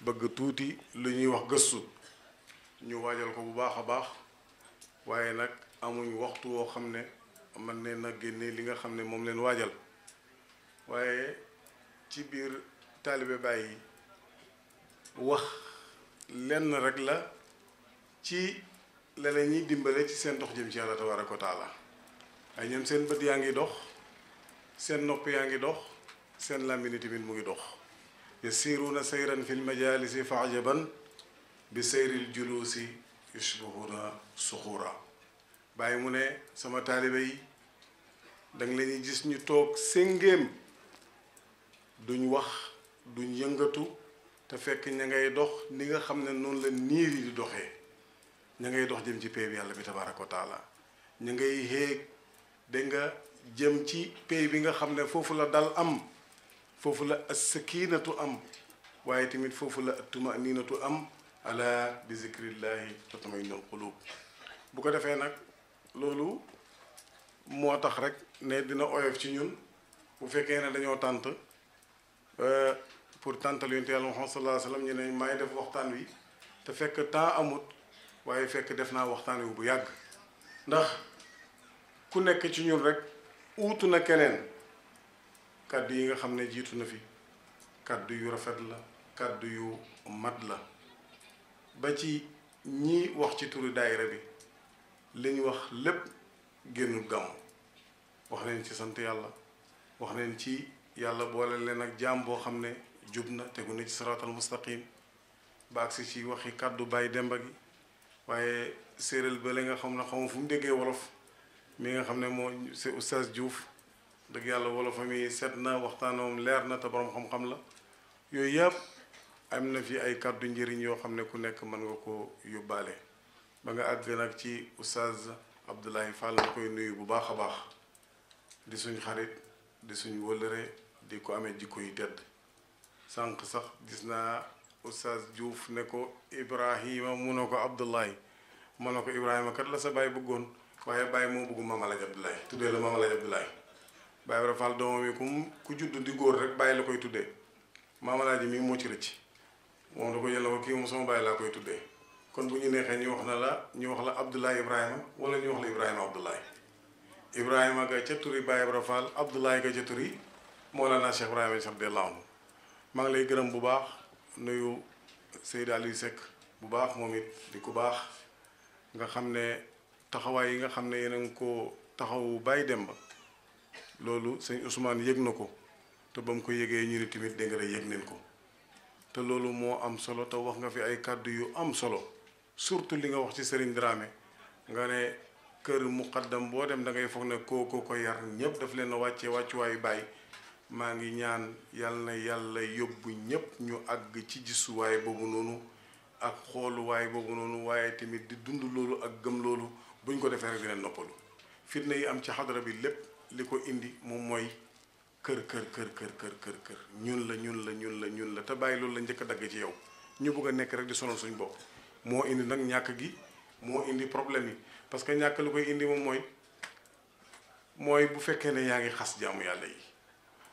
bëgg tuuti lu ñuy wax gëstu ñu waajal ko bu baax a baax waaye nag amuñ waxtu woo xam ne man ne na génne li nga xam ne moom leen waajal waaye ci biir taalibe Baay wax lenn rek la ci leneen ñi dimbale ci seen dox jëm ci yàlla ko wa taala ay ñoom seen bët yaa ngi dox seen nopp yaa ngi dox seen làmmiñ tamit mu ngi dox yasiruuna sayran fil majaalisi fa ajaban bi seyril juluusi yushbihuna suxuura bàyyi mu ne sama taalibe yi danga leen gis ñu toog séngéem duñ wax duñ yëngatu te fekk ña ngay dox ni nga xam ne noonu la niir yi di doxee ña ngay dox jëm ci péeb yàlla bi tabaaraka nga jëm ci pay bi nga xam ne foofu la dal am foofu la as sakiinatu am waaye tamit foofu la at tumaniinatu am ala bi zikrillahi tatma'innul qulub bu ko defee nag loolu moo tax rek ne dina oyof ci ñun bu fekkee ne dañoo tànt euh, pour tàntal yonent yàlla Muhammad sallallahu alayhi wasallam ñu ne def waxtaan wi te fekk temps amut waaye fekk def naa waxtaan wi bu yàgg ndax ku nekk ci ñun rek uutu na keneen kàddu yi nga xam ne jiitu na fi kàddu yu rafet la kàddu yu mat la ba ci ñi wax ci turu daayira bi li ñu wax lépp génn gàmmu wax nañ ci sant yàlla wax nañ ci yàlla boole leen ak jaam boo xam ne jub na tegu na ci siraatal mustaqim ba agsi ci waxi kàddu bàyyi demba gi waaye séeréel ba la nga xam ne xaw fu mu déggee wolof mi nga xam ne moo c'est oustaz Diouf dëgg yàlla wolofam yi seet na waxtaanoom leer na te borom xam-xam la yooyu yëpp am na fi ay kàddu njëriñ yoo xam ne ku nekk mën nga ko yóbbaale ba nga àgg nag ci oustaz Abdoulaye Fall nga koy nuyu bu baax a baax di suñ xarit di suñ wëlëre di ko amee jikko yu tedd sànq sax gis naa oustaz Diouf ne ko Ibrahima mu ne ko Abdoulaye mu ne ko Ibrahima kat la sa baay bëggoon waaye baay moo bëggu Mama Laaj tuddee la Mama Laaj Abdoulaye Baay Ibra doomam yi ku ku judd di góor rek bàyyi la koy tuddee Mama Laaj mi moo ci rëcc moom da ko yàlla ma kii moom sama bàyyi laa koy tuddee kon bu ñu neexee ñu wax na la ñu wax la Abdoulaye Ibrahima wala ñu wax la Ibrahima Abdoulaye Ibrahima ga ca turi Baye Ibra Fall Abdoulaye ga turi Mawlana Cheikh Ibrahima Niass radiyallahu anhu ngi lay gërëm bu baax nuyu Seydou Aliou Seck bu baax moom it di ku baax nga xam ne taxawaay yi nga xam ne yéen a ngi ko taxawu dem ba loolu sëñ Ousmane yëg na ko te ba mu ko yëgee ñu ne tamit dégg nga yëg nañ ko. te loolu moo am solo te wax nga fi ay kàddu yu am solo surtout li nga wax ci Serigne Dramé nga ne kër muqaddam boo dem dangay foog ne kooku ko yar ñëpp daf leen a wàccee wàccuwaayu bàyyi maa ngi ñaan yal na yàlla yóbbu ñëpp ñu àgg ci gisuwaay boobu noonu ak xooluwaay boobu noonu waaye tamit di dund loolu ak gëm loolu buñ ko defee rek dina noppalu fitna yi am ci xadara bi lépp li ko indi moom mooy. kër kër kër kër kër kër kër ñun la ñun la ñun la ñun la te bàyyi loolu la njëkk a dagg ci yow ñu bëgg a nekk rek di sonal suñu bopp moo indi nag ñàkk gi moo indi problème yi parce que ñàkk lu koy indi moom mooy mooy bu fekkee ne yaa ngi xas jaamu yàlla yi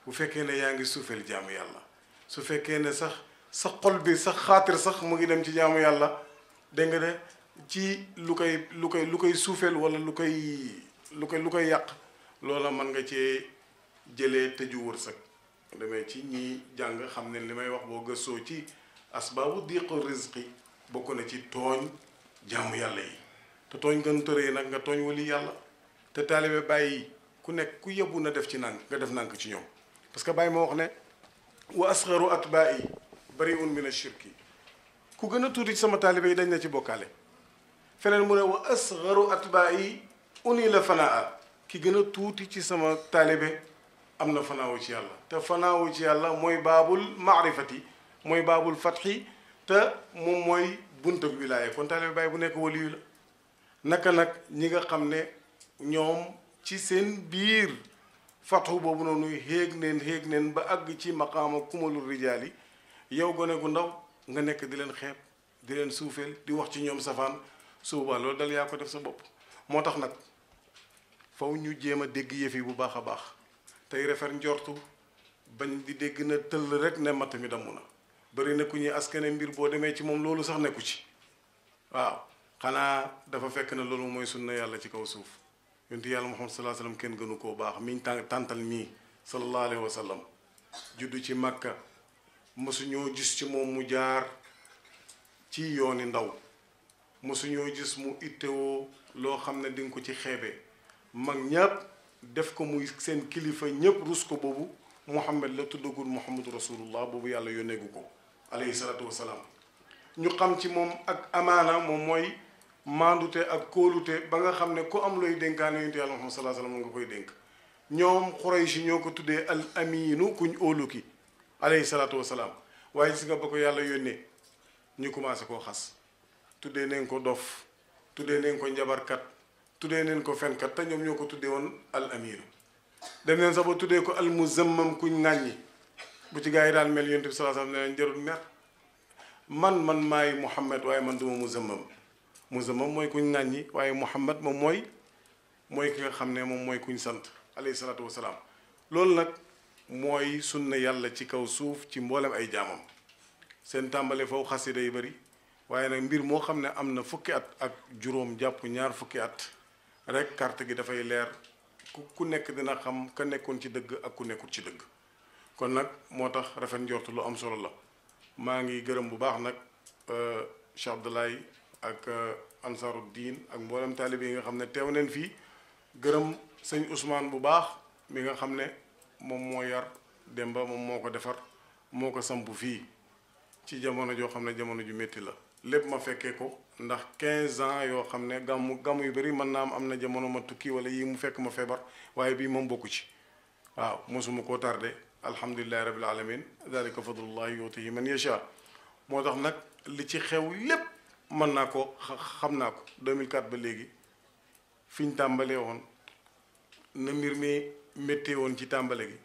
bu fekkee ne yaa ngi suufeel jaamu yàlla su fekkee ne sax sa xol bi sax xaatir sax mu ngi dem ci jaamu yàlla dégg nga ne ci lu koy lu koy lu koy suufeel wala lu koy lu ko lu koy yàq loola mën nga cee jëlee tëju wërsëg demee ci ñi jàng xam ne li may wax boo gëstoo ci asbaabu diqu rizqi bokk na ci tooñ jaamu yàlla yi te tooñ gën tëree nag nga tooñ wali yàlla te taalibe bàyyi ku nekk ku yebbu na def ci nànk nga def nànk ci ñoom parce que bàyyi moo wax ne wa asxaru atbaa'i bari'un min ashirki ku gën a tuuti sama taalibe yi dañ na ci bokkaale feneen mu ne wa asxaru atbaa'i uni la fanaa ki gën a tuuti ci sama taalibe am na fanaawu ci yàlla te fanaawu ci yàlla mooy baabul maarifati mooy baabul fatxi te moom mooy bunta bu wilaaya kon bu nekk waliyu la naka nag ñi nga xam ne ñoom ci seen biir fatxu boobu noonu xéeg neen xéeg neen ba àgg ci maqaama kumalul rijaal yi yow gone gu ndaw nga nekk di leen xeeb di leen suufeel di wax ci ñoom safaan suuba loolu dal yaa ko def sa bopp moo tax nag faw ñu jéem a dégg yëfi bu baax a baax tey refer njortu bañ di dégg na tëll rek ne matt mi damm na bëri na ku ñuy askane mbir boo demee ci moom loolu sax nekku ci waaw xanaa dafa fekk ne loolu mooy sunna yàlla ci kaw suuf yonti yàlla Muhammad sallallahu alayhi wasallam kenn gënu koo baax miñ tàn tàntal mii sallallahu alayhi wasallam juddu ci Makka mosuñoo gis ci moom mu jaar ci yooni ndaw mosuñoo gis mu ittewoo loo xam ne dinga ko ci xeebe mag ñépp def ko muy seen kilifa ñëpp rus ko boobu Muhammad la tuddagul Muhammadu rasulullah boobu yàlla yónneegu ko alayhi salaatu wa salaam ñu xam ci moom ak amaana moom mooy maandute ak kóolute ba nga xam ne ku am looy dénkaane yonent yàlla Muhammad salaa salaam nga koy dénk ñoom Xuraysh ñoo ko tuddee al amiinu kuñ óolu ki alayhi salaatu wa salaam waaye gis nga ba yàlla yónnee ñu commencé koo xas tuddee nañ ko dof tuddee nañ ko njabarkat tuddee neen ko fenkat te ñoom ñoo ko tuddee woon al amiinu dem neen sax ba tuddee ko al muzammam kuñ ŋàññi bu ci gaa yi daan mel yonent bi sallallahu alayhi wasallam ne jarul mer man man maay Muhammad waaye man duma muzammam muzammam mooy kuñ ŋàññi waaye Muhammad moom mooy mooy ki nga xam ne moom mooy kuñ sant alayhi salaatu wasalaam loolu nag mooy sunna yàlla ci kaw suuf ci mboolem ay jaamam seen tàmbale foofu xasida yi day bëri waaye nag mbir moo xam ne am na fukki at ak juróom jàpp ñaar fukki at rek carte gi dafay leer ku ku nekk dina xam ka nekkoon ci dëgg ak ku nekkul ci dëgg kon nag moo tax rafet njort lu am solo la maa ngi gërëm bu baax nag euh, Cheikh Abdoulaye ak euh, Ansaru Diin ak mboolem taalibe yi nga xam ne teew neen fii gërëm sëñ Ousmane bu baax mi nga xam ne moom moo yar Demba moom moo ko defar moo ko samp fii ci jamono joo xam ne jamono ju métti la lépp ma fekkee ko ndax 15 ans yoo xam ne gàmmu gàmmu yu bëri mën naa am am na jamono ma tukki wala yii mu fekk ma feebar waaye bii moom bokku ci waaw mosuma koo tardé alhamdulilahi rabil alamin dalika fadlullahi yuutihi man yasha moo tax nag li ci xew lépp mën naa ko xam naa ko 2004 ba léegi fi ñu tàmbalee woon na mbir mi méttee woon ci tàmbale gi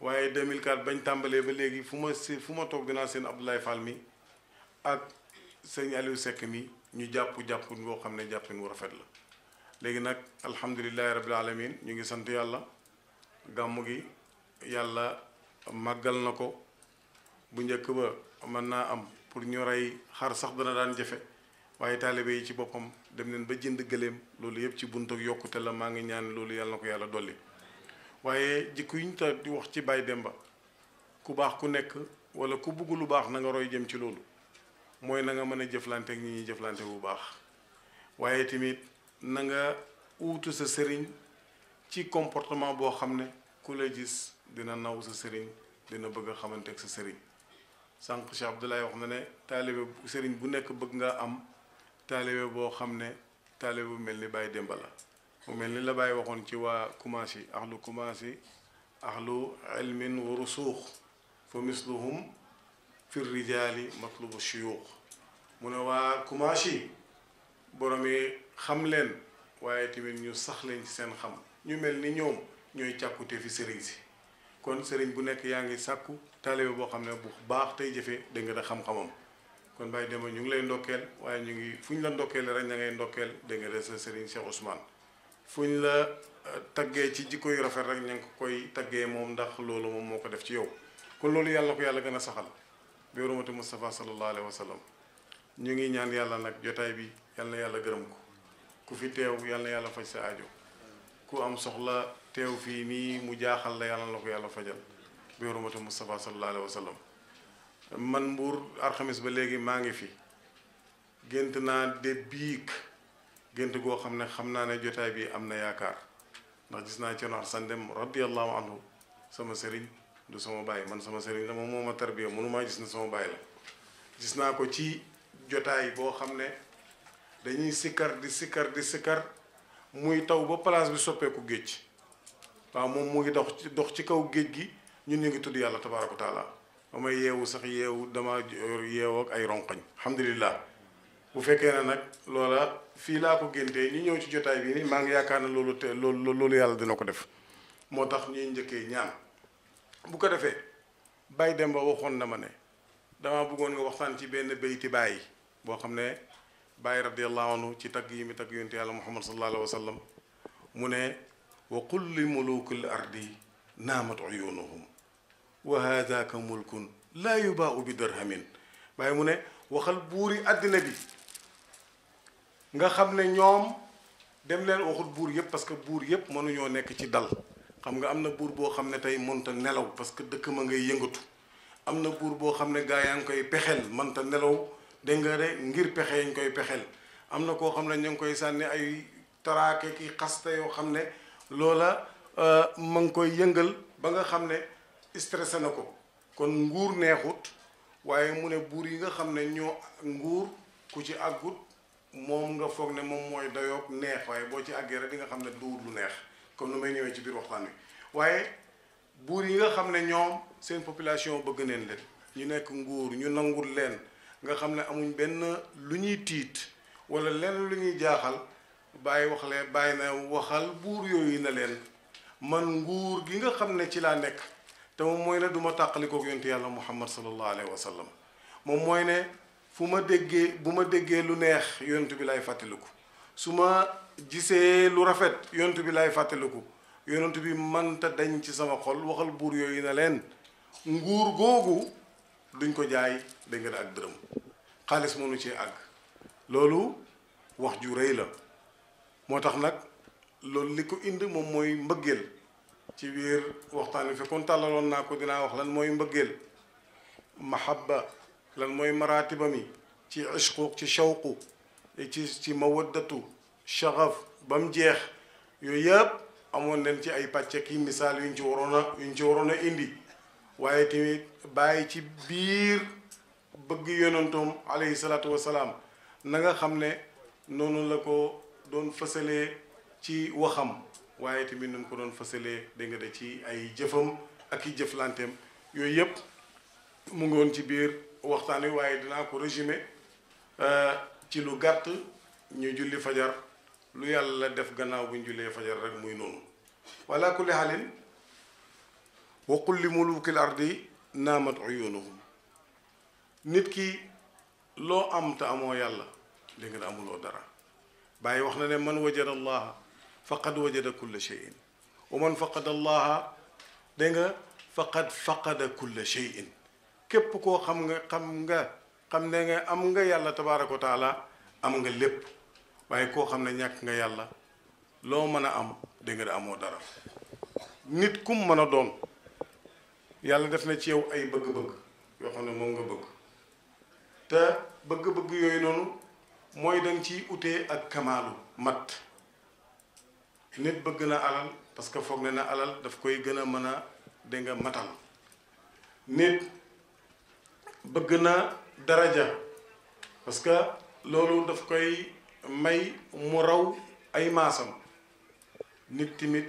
waaye 2004 bañ tàmbalee ba léegi fu ma si fu ma toog dinaa seen Abdoulaye Fall mi ak sëñ sekk mi ñu jàpp jàpp boo xam ne jàppin wu rafet la léegi nag alhamdulilahi rabbil alamin ñu ngi sant yàlla gàmmu gi yàlla màggal na ko bu njëkk ba mën naa am pour ñu rey xar sax dana daan jafe waaye taalibe yi ci boppam dem neen ba jënd gëléem loolu yëpp ci bunt ak yokkute la maa ngi ñaan loolu yàlla na ko yàlla dolli waaye jikko yi ñu ta di wax ci Baye Demba ku baax ku nekk wala ku bugg lu baax na nga roy jëm ci loolu mooy na nga mën a jëflante ak ñi ñuy jëflante bu baax waaye tamit na nga uutu sa sëriñ ci comportement boo xam ne ku la gis dina naw sa sëriñ dina bëgg xamante ak sa sëriñ sànq Cheikh Abdoulaye wax na ne taalibe sëriñ bu nekk bëgg nga am taalibe boo xam ne taalibe bu mel ni Baye Demba la bu mel ni la bàyyi waxoon ci waa Kumaasi ahlu Kumaasi ahlu ilmin wa rusuux fa misluhum fi rijaali matlubu shuyuux mu ne waa Kumaashi borom yi xam leen waaye tamit ñu sax leen ci seen xam ñu mel ni ñoom ñooy càkkute fi sëriñ si kon sëriñ bu nekk yaa ngi sàkku taalibe boo xam ne bu baax tey jëfee dégg nga da xam-xamam kon bàyyi dema ñu ngi lay ndokkeel waaye ñu ngi fu ñu la ndokkeel rek na ngay ndokkeel dégg nga de sa sëriñ Cheikh Ousmane fu ñu la euh, taggee ci jikko yu rafet rek ña ngi ko koy taggee moom ndax loolu moom moo ko def ci yow kon loolu yàlla gën a saxal bi warumati Moustapha sallallahu alayhi ñu ngi ñaan yàlla nag jotaay bi yal na yàlla gërëm ko ku fi teew yàlla na yàlla faj sa ajo ku am soxla teew fii nii mu jaaxal la yàlla na ko yàlla fajal bi warumati Moustapha sallallahu alayhi man mbuur alxamis ba léegi maa ngi fi gént naa de biig gént goo xam ne xam naa ne jotaay bi am na yaakaar ndax gis naa Thierno Hassane Deme radiyallahu anhu sama sëriñ du sama baye man sama sëriñ la moom ma tarbiya mënumaa gis na sama baye la gis na ko ci jotay bo xamne dañuy sikar di sikar di sikar muy taw ba place bi soppeeku géej wa mom mo ngi dox ci dox ci kaw géej gi ñun ñi ngi tuddu yalla tabaraku taala ba yewu sax yewu dama yeewu ak ay ronqañ alhamdullilah bu fekke na nak lola fi la ko géntee ñu ñew ci jotay bi ni ma ngi yakarna lolu te loolu loolu dina ko def motax ñi ñëkke ñaan bu ko defee Baye Demba waxoon na ma ne dama bëggoon nga waxtaan ci benn bayti Baye boo xam ne Baye radiyallahu anhu ci tagg yi mi tagg yonent yàlla Muhammad sallallahu alayhi wa sallam mu ne wa qul li mulukil ardi naamat uyunuhum wa haadaka mulkun laa yubaau bi dirhamin Baye mu ne waxal buuri àddina bi nga xam ne ñoom dem leen waxut buur yëpp parce que buur yëpp mënuñoo nekk ci dal xam nga am na buur boo xam ne tey mënta nelaw parce que dëkk ma ngay yëngatu am na buur boo xam ne gaa yaa ngi koy pexeel mënta nelaw dégg nga de ngir pexe yañ koy pexeel am na koo xam ne ñu ngi koy sànni ay taraake ki xaste yoo xam ne loola euh, ma ngi koy yëngal ba nga xam ne stressé na ko kon nguur neexut waaye mu ne buur yi nga xam ne ñoo nguur ku ci àggut moom nga foog ne moom mooy dayoo neex waaye boo ci àggee rek di nga xam ne duwut lu neex kon nu may ñëwee ci biir waxtaan wi waaye buur yi nga xam ne ñoom seen population bëgg neen leen ñu nekk nguur ñu nangul leen nga xam ne amuñ benn lu ñuy tiit wala lenn lu ñuy jaaxal bàyyi wax leen bàyyi na waxal buur yooyu ne leen man nguur gi nga xam ne ci laa nekk te moom mooy ne duma ma tàqalikook yonte yàlla muhammad sallallahu alayhi wa sallam moom mooy ne fu ma déggee bu ma déggee lu neex yonent bi lay fàttaliku su ma gisee lu rafet yonent bi lay fàttaliku yonent bi mënta deñ ci sama xol waxal buur yooyu ne leen nguur googu duñ ko jaay dégg ak dërëm xaalis mënu ci àgg loolu wax ju réy la moo tax nag loolu li ko indi moom mooy mbëggeel ci biir waxtaan wi fekkoon tàllaloon naa ko dinaa wax lan mooy mbëggeel mahabba lan mooy maraatiba mi ci ishqu ci shawqu ci ci mawaddatu shagaf ba mu jeex yooyu yëpp amoon nañ ci ay pàcc ki misaal yuñ ci waroon a indi waaye tamit bàyyi ci biir bëgg yonantoom alayhi salaatu wasalaam nanga xam ne noonu la ko doon fësalee ci waxam waaye tamit nañ ko doon fësalee dégg nga de ci ay jëfam ak i jëflanteem yooyu yëpp mu ngi woon ci biir waxtaan wi waaye dinaa ko résumer euh, ci lu gàtt ñu julli fajar lu yàlla def gannaaw bu ñu jullee fajar rek muy noonu wala kulli halin wa qul li mulukil ardi namat uyunuhum nit ki loo am te amoo yàlla li nga amuloo dara bàyyi wax na ne man wajada allah faqad wajada kulla cheyin wa man faqad allah de nga faqad faqada kulla cheyin képp koo xam nga xam nga xam ne nga am nga yàlla tabaaraka wa taala am nga lépp waaye koo xam ne ñàkk nga yàlla loo mën a am dégg nga amoo dara nit kum mën a doon yàlla def na ci yow ay bëgg-bëgg xam ne moom nga bëgg bëgg yooyu noonu mooy danga ciy utee ak kamaalu mat nit bëgg na alal parce que foog ne na alal daf koy gën a mën a dégg matal nit bëgg na daraja parce que loolu daf koy may mu raw ay maasam nit timit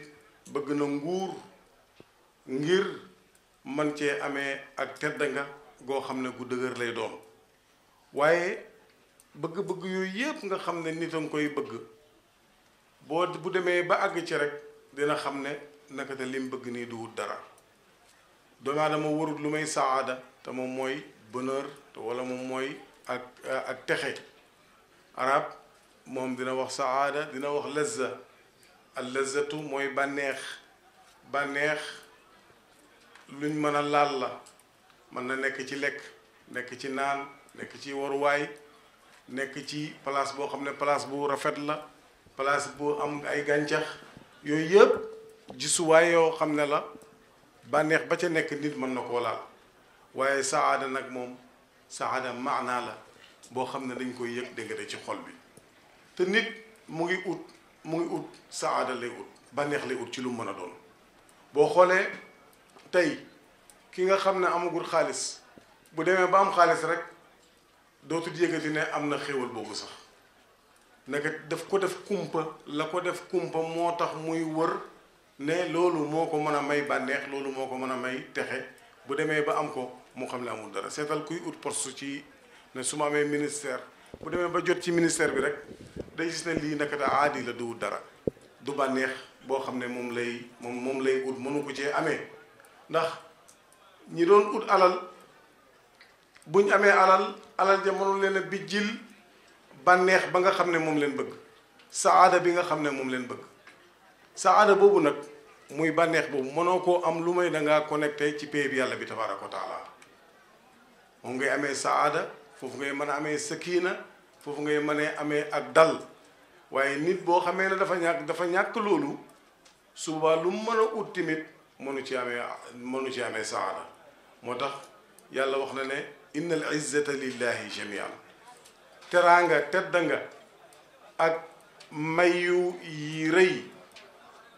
bëgg na nguur ngir man cee amee ak tedd nga goo xam ne gu dëgër lay doom waaye bëgg-bëgg yooyu yépp nga xam ne nit a koy bëgg boo bu demee ba àgg ci rek dina xam ne naka te lim bëgg nii du dara doomu aadama warut lu may saada te moom mooy bonheur te wala mom moy ak ak texe arab mom dina wax saada dina wax lazza al lazzatu moy banex banex luñ mëna a laal la man na nek ci lek nek ci naan nek ci wor way nek ci place bo xamne place bu rafet la place bu am ay gantax yoy yeb gisuwaay yoo xam ne la banex ba ca nek nit man nako koo laal waaye saada nag moom saada maanaa la boo xam ne dañ koy yëg dégg ci xol bi te nit mu ngi ut mu ngi ut saada lay ut bànneex lay ut ci lu mën a doon boo xoolee tey ki nga xam ne amagul xaalis bu demee ba am xaalis rek doo dootul yëgati ne am na xéwal boobu sax naka daf ko def kumpa la ko def kumpa moo tax muy wër ne loolu moo ko mën a may bànneex loolu moo ko mën a may texe bu demee ba am ko mu xam ne amul dara seetal kuy ut poste ci ne su ma amee ministère bu demee ba jot ci ministère bi rek day gis lii naka daa aadi la du dara du bànneex boo xam ne moom lay moom moom lay ut mënu ko cee amee ndax ñi doon ut alal buñ amee alal alal ja mënu leen a bijjil bànneex ba nga xam ne moom leen bëgg saada bi nga xam ne moom leen bëgg sa saada boobu nag muy bànneex boobu mënoo koo am lu may da ngaa connecté ci pay bi yàlla bi tabaaraka wa taala moom ngay amee saada foofu ngay mën a amee sakina foofu ngay mën a amee ak dal waaye nit boo xamee ne dafa ñàkk dafa ñàkk loolu suba lu mën a ut tamit mënu ci amee mënu ci amee saada moo tax yàlla wax na ne inna al izzata lillahi jamian teraanga tedd nga ak mayu yi rëy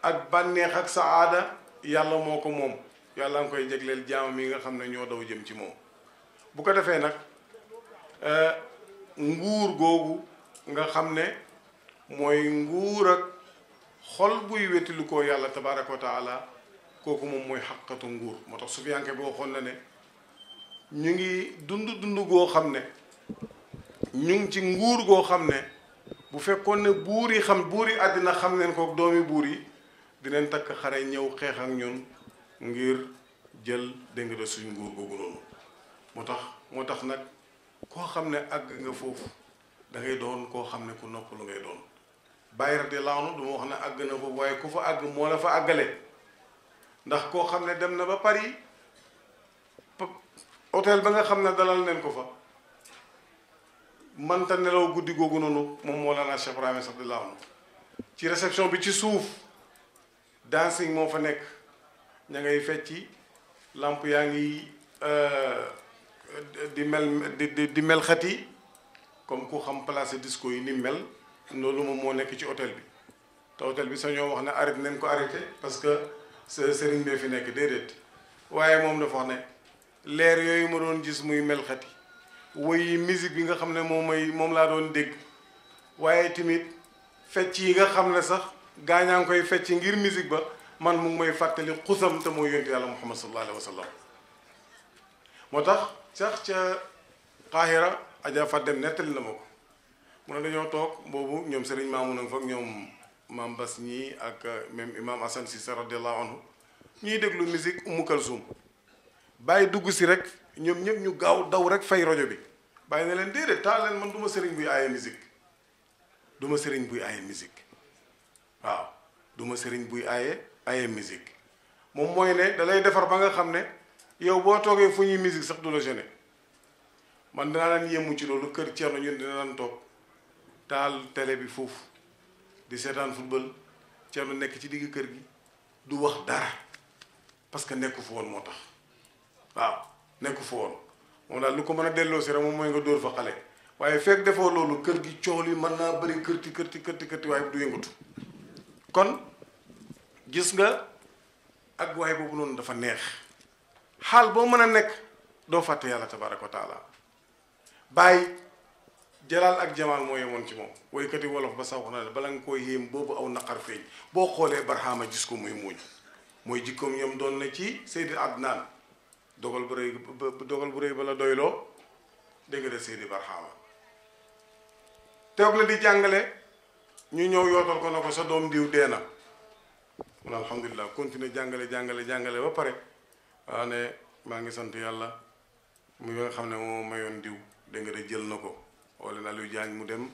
ak bànneex ak saada yàlla moo ko moom yàlla nga koy jegleel jaam mi nga xam ne ñoo daw jëm ci moom bu ko defee nag euh, nguur googu nga xam ne mooy nguur ak xol buy wetilu koo yàlla tabaraka wa kooku moom mooy xaqatu nguur moo tax sufiyanke boo xool na ne ñu ngi dund dund goo xam ne ñu ngi ci nguur goo xam ne bu fekkoon ne buur yi xam buur yi àddina xam neen ko doomi buur yi dinañ takk xare ñëw xeex ak ñun ngir jël dégg nga suñ nguur googu noonu moo tax moo tax nag koo xam ne àgg nga foofu da ngay doon koo xam ne ku noppalu ngay doon bàyyi radi laanu du ma wax ne àgg na foofu waaye ku fa àgg moo la fa àggale ndax koo xam ne dem na ba Paris hôtel ba nga xam ne dalal neen ko fa manta nelaw guddi googu noonu moom moo la naa Cheikh Ibrahima sax di laanu ci réception bi ci suuf dancing moo fa nekk ña ngay fecci làmp yaa ngi euh, di mel di di mel xat yi comme ku xam place disco yi ni mel loolu moom moo nekk ci hôtel bi te hôtel bi sa ñoo wax ne arrêté nen ko arrêté parce que sëriñ bee fi nekk déedéet waaye moom dafa wax ne leer yooyu ma doon gis muy mel xat yi woy musique bi nga xam ne moom may moom laa doon dégg waaye tamit fecc yi nga xam ne sax gaañaa ngi koy fecc ngir musique ba man mu ngi may fàttali xusam te moo yonti yàlla muhammad sallallahu alayhi wa moo tax sax ca Qahira Adja Fat dem nettali na ma ko mu ne dañoo toog boobu ñoom sëriñ Serigne Mamoun nag fa ñoom maam Bass ñii ak euh, même imam Assane Cissé radiallahu anhu ñuy déglu musique Umu Kalsum bàyyi dugg si rek ñoom ñëpp ñu gaaw daw rek fay rajo bi bàyyi na leen déedéet taal leen man du ma sëriñ buy aaye musique duma sëriñ buy aaye musique waaw duma ma sëriñ buy aaye aaye musique moom mooy ne da defar ba nga xam ne yow boo toogee fu ñuy musique sax du la gêné man dinaa leen yemu ci loolu kër Thierno ñun dina daan toog taal télé bi foofu di seetaan football Thierno nekk ci digg kër gi du wax dara parce que nekku fa woon moo tax waaw nekku fa woon moom daal lu ko mën a delloo si rek moom mooy nga dóor fa xale waaye feek defoo loolu kër gi cool yi mën naa bëri kërti kërti kërti kërti waaye du yëngatu kon gis nga ak waaye boobu noonu dafa neex xaal boo mën a nekk doo fàtte yàlla tabaraka wa taala jalaal ak jamaal moo yemoon ci moom woykati wolof ba sax wax na ne nga koo yéem boobu aw naqar feeñ boo xoolee barxaama gis ko muy muuñ mooy jikkoom ñoom doon na ci Seydi Adnaan dogal bu rëy dogal bu rëy ba doyloo dégg nga Seydi barxaama teog la di jàngale ñu ñëw yootal ko na ko sa doom diw dee na mun alhamdulilah continuer jàngale jàngale jàngale ba pare ah ne maa ngi sant yàlla mu nga xam ne moo mayoon diw dégg nga de jël na ko wala naa luy jaañ mu dem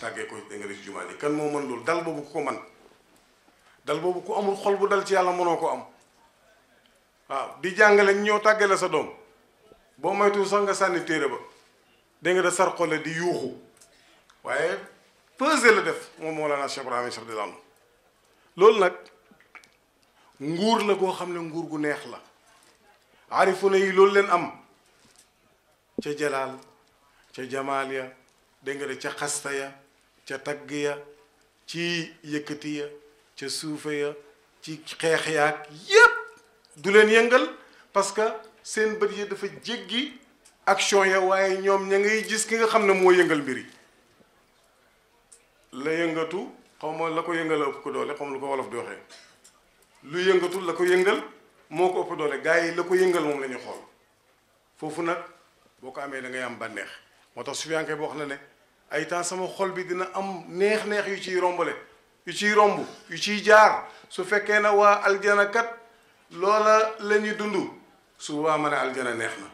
tàggee ko dégg nga de ci jumaa kan moo mën loolu dal boobu ku ko man dal boobu ko amul xol bu dal ci yàlla mënoo ko am waaw di jàngale ñoo tàggee la sa doom boo moytu sax nga sànni téere ba dégg nga de sarxole di yuuxu waaye pesé la def moom moo la naa Cheikh Ibrahima sax la am loolu nag nguur la koo xam ne nguur gu neex la arifuna yi loolu len am ci jalaal ci jamalia de nga ci khasta ya ci tagg ya ci yekati ya ci soufa ya ci xeex ya yeb du len yengal parce que sen bët yi dafa jéggi action ya waye ñom ña ngay gis ki nga xamne mo yengal mbiri la yengatu xawma la ko yengal ko doole xam lu ko wolof di lu yengatu la ko yengal moo ko ëpp doole gars yi la ko yëngal moom la ñuy xool foofu nag boo ko amee da ngay am bànneex moo tax sufiyanke bi wax na ne ay temps sama xol bi dina am neex-neex yu ciy rombale yu ciy romb yu ciy jaar su fekkee na waa aljana kat loola la dund su boobaa mën aljana neex na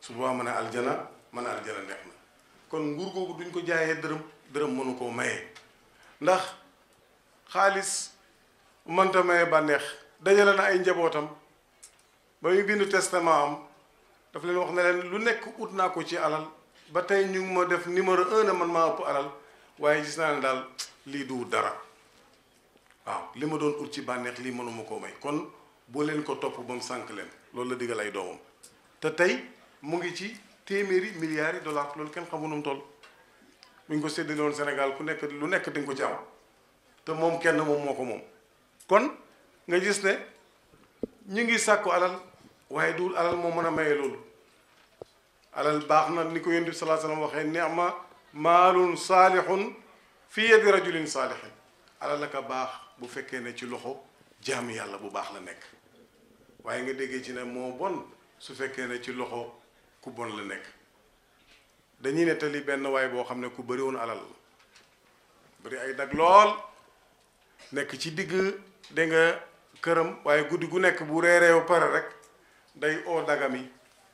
su boobaa mën a aljana mën a aljana neex na kon nguur googu duñ ko jaayee dërëm dërëm mënu koo maye ndax xaalis mënta maye bànneex dajale na ay njabootam ba muy bindu testament am daf leen wax ne lu nekk ut naa ko ci alal ba tey ñu ngi ma def numéro un man maa ëpp alal waaye gis naa ne daal lii du dara waaw li ma doon ut ci bànneex lii mënuma koo may kon boo leen ko topp ba mu sànq leen loolu la digal ay doomam te tey mu ngi ci téeméeri milliards yi dollars loolu kenn xamu nu mu toll bu ñu ko séddale woon Sénégal ku nekk lu nekk di ko ci am te moom kenn moom moo ko moom kon nga gis ne ñu ngi sàkku alal waaye duul alal moo mën a maye loolu alal baax na ni ko yonent bi sallallahu alayhi wasallam waxee neex ma maalun saalihun fi yadi rajulin saalihin alal aka baax bu fekkee ne ci loxo jaam yàlla bu baax la nekk waaye nga déggee ci ne moo bon su fekkee ne ci loxo ku bon la nekk dañuy nettali benn waay boo xam ne ku bëri woon alal bëri ay dag lool nekk ci digg dégg nga këram waaye guddi gu nekk bu reeree ba pare rek day o dagami,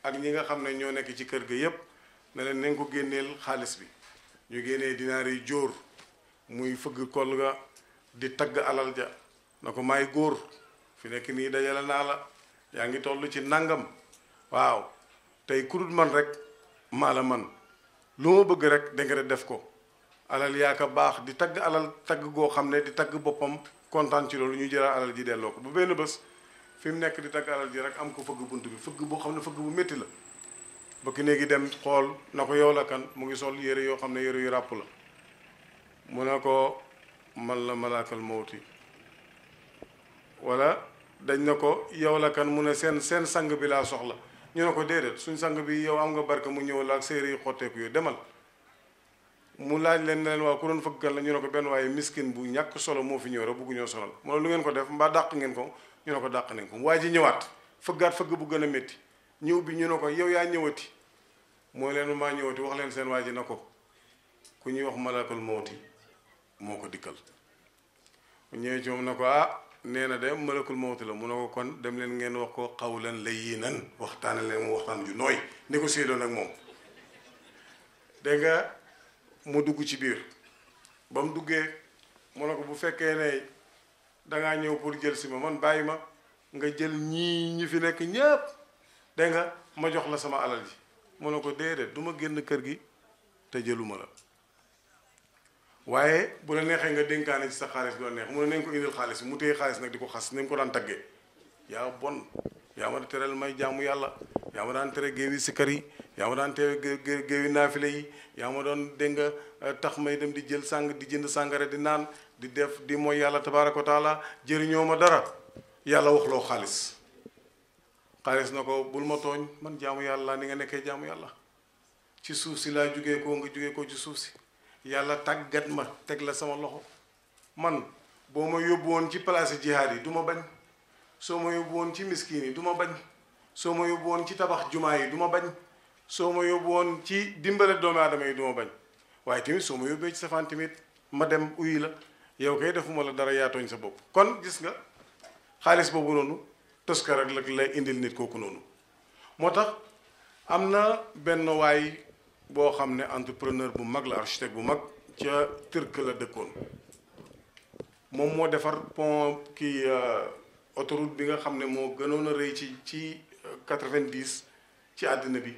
ak ñi nga xamne ne ñoo nekk ci kër ga yépp na leen nañ ko génneel xaalis bi ñu génnee dinaar yi jóor muy fëgg kol ga di tagg alal ja na ko may góor fi nekk nii dajale naa la yaa ngi toll ci nangam waaw tey ku man rek maa man lu ma bëgg rek nga def ko alal yaa ka baax di tagg alal tagg goo xam ne di tagg boppam kontaan ci loolu ñu jëlaat alal ji delloo ko bu benn bés fim nek di takk fagubun ji rek am ko fëgg buntu bi fëgg bo xamne bu metti la ki dem xol na yow la kan mu ngi sol yere yo xamne yere yu rap la munako man la malakal mawti wala dañ nako yow la kan mu sen sen sang bi la soxla ñu nako ko déedéet suñ sang bi yow am nga barke mu ñew la ak yi ko yu demal mu laaj leen leen ku doon fëgg kan la ñu nako ben benn miskin bu ñak solo mo fi ñëw rek ñoo solo mo lu ngeen ko def mba dakk ngeen ko ñu ne ko dàq nañ ko waa ji ñëwaat fëggaat fëgg bu gën a métti ñëw bi ñu ne ko yow yaa ñëwati mooy leen maa ñëwati wax leen seen waa ji na ko ku ñuy wax malakul mawti moo ko dikkal bu ñëwee ci moom na ko ah nee na de malakul mawti la mu ne ko kon dem leen ngeen wax ko xaw leen la xawlan layyinan waxtaane leen mu waxtaan ju nooy négocier doon nag moom dégg nga mu dugg ci biir ba duggee mu ne ko bu fekkee ne dangaa ñëw pour jël si ma man bàyyi ma nga jël ñii ñi fi nekk ñépp dégg nga ma jox la sama alal ji mu ne ko déedéet du ma génn kër gi te jëluma la waaye bu ne neexee nga dénkaane ci sa xaalis bu la neex mu ne nañ ko indil xaalis mu téye xaalis nag di ko xas nañ ko daan taggee yaa bon yaa ma tereel may jaamu yàlla yaa ma daan tere géewi sikkar yi yaa ma daan tere géewi naafile yi yaa ma doon dégg nga tax may dem di jël sàng di jënd sàngara di naan di def di moy yalla tabaaraku taala jëriñoo ma dara yalla wax lo khalis khalis nako bul ma togn man jaamu yalla ni nga nekkee jaamu yalla ci suuf si la jugee ko nga jugee ko ci suuf si yalla tagat ma tek la sama loxo man boo ma yóbbu ci place jihad yi duma miskini bañ soo ma yóbbu ci miskini duma du ma bañ soo ma yóbbu ci tabax juma yi duma bañ ma ci dimbalé doomi adamay duma bañ ma ci safan timit ma dem uyi la yow kay defuma la dara yaatooñ sa bopp kon gis nga xaalis boobu noonu toskar rek lag lay indil nit kooku noonu moo tax am na benn waay boo xam ne entrepreneur bu mag la architecte bu mag ca Turc la dëkkoon moom moo defar pont kii euh, autoroute bi nga xam ne moo gënoon a rëy ci ci euh, quatre ci àddina bi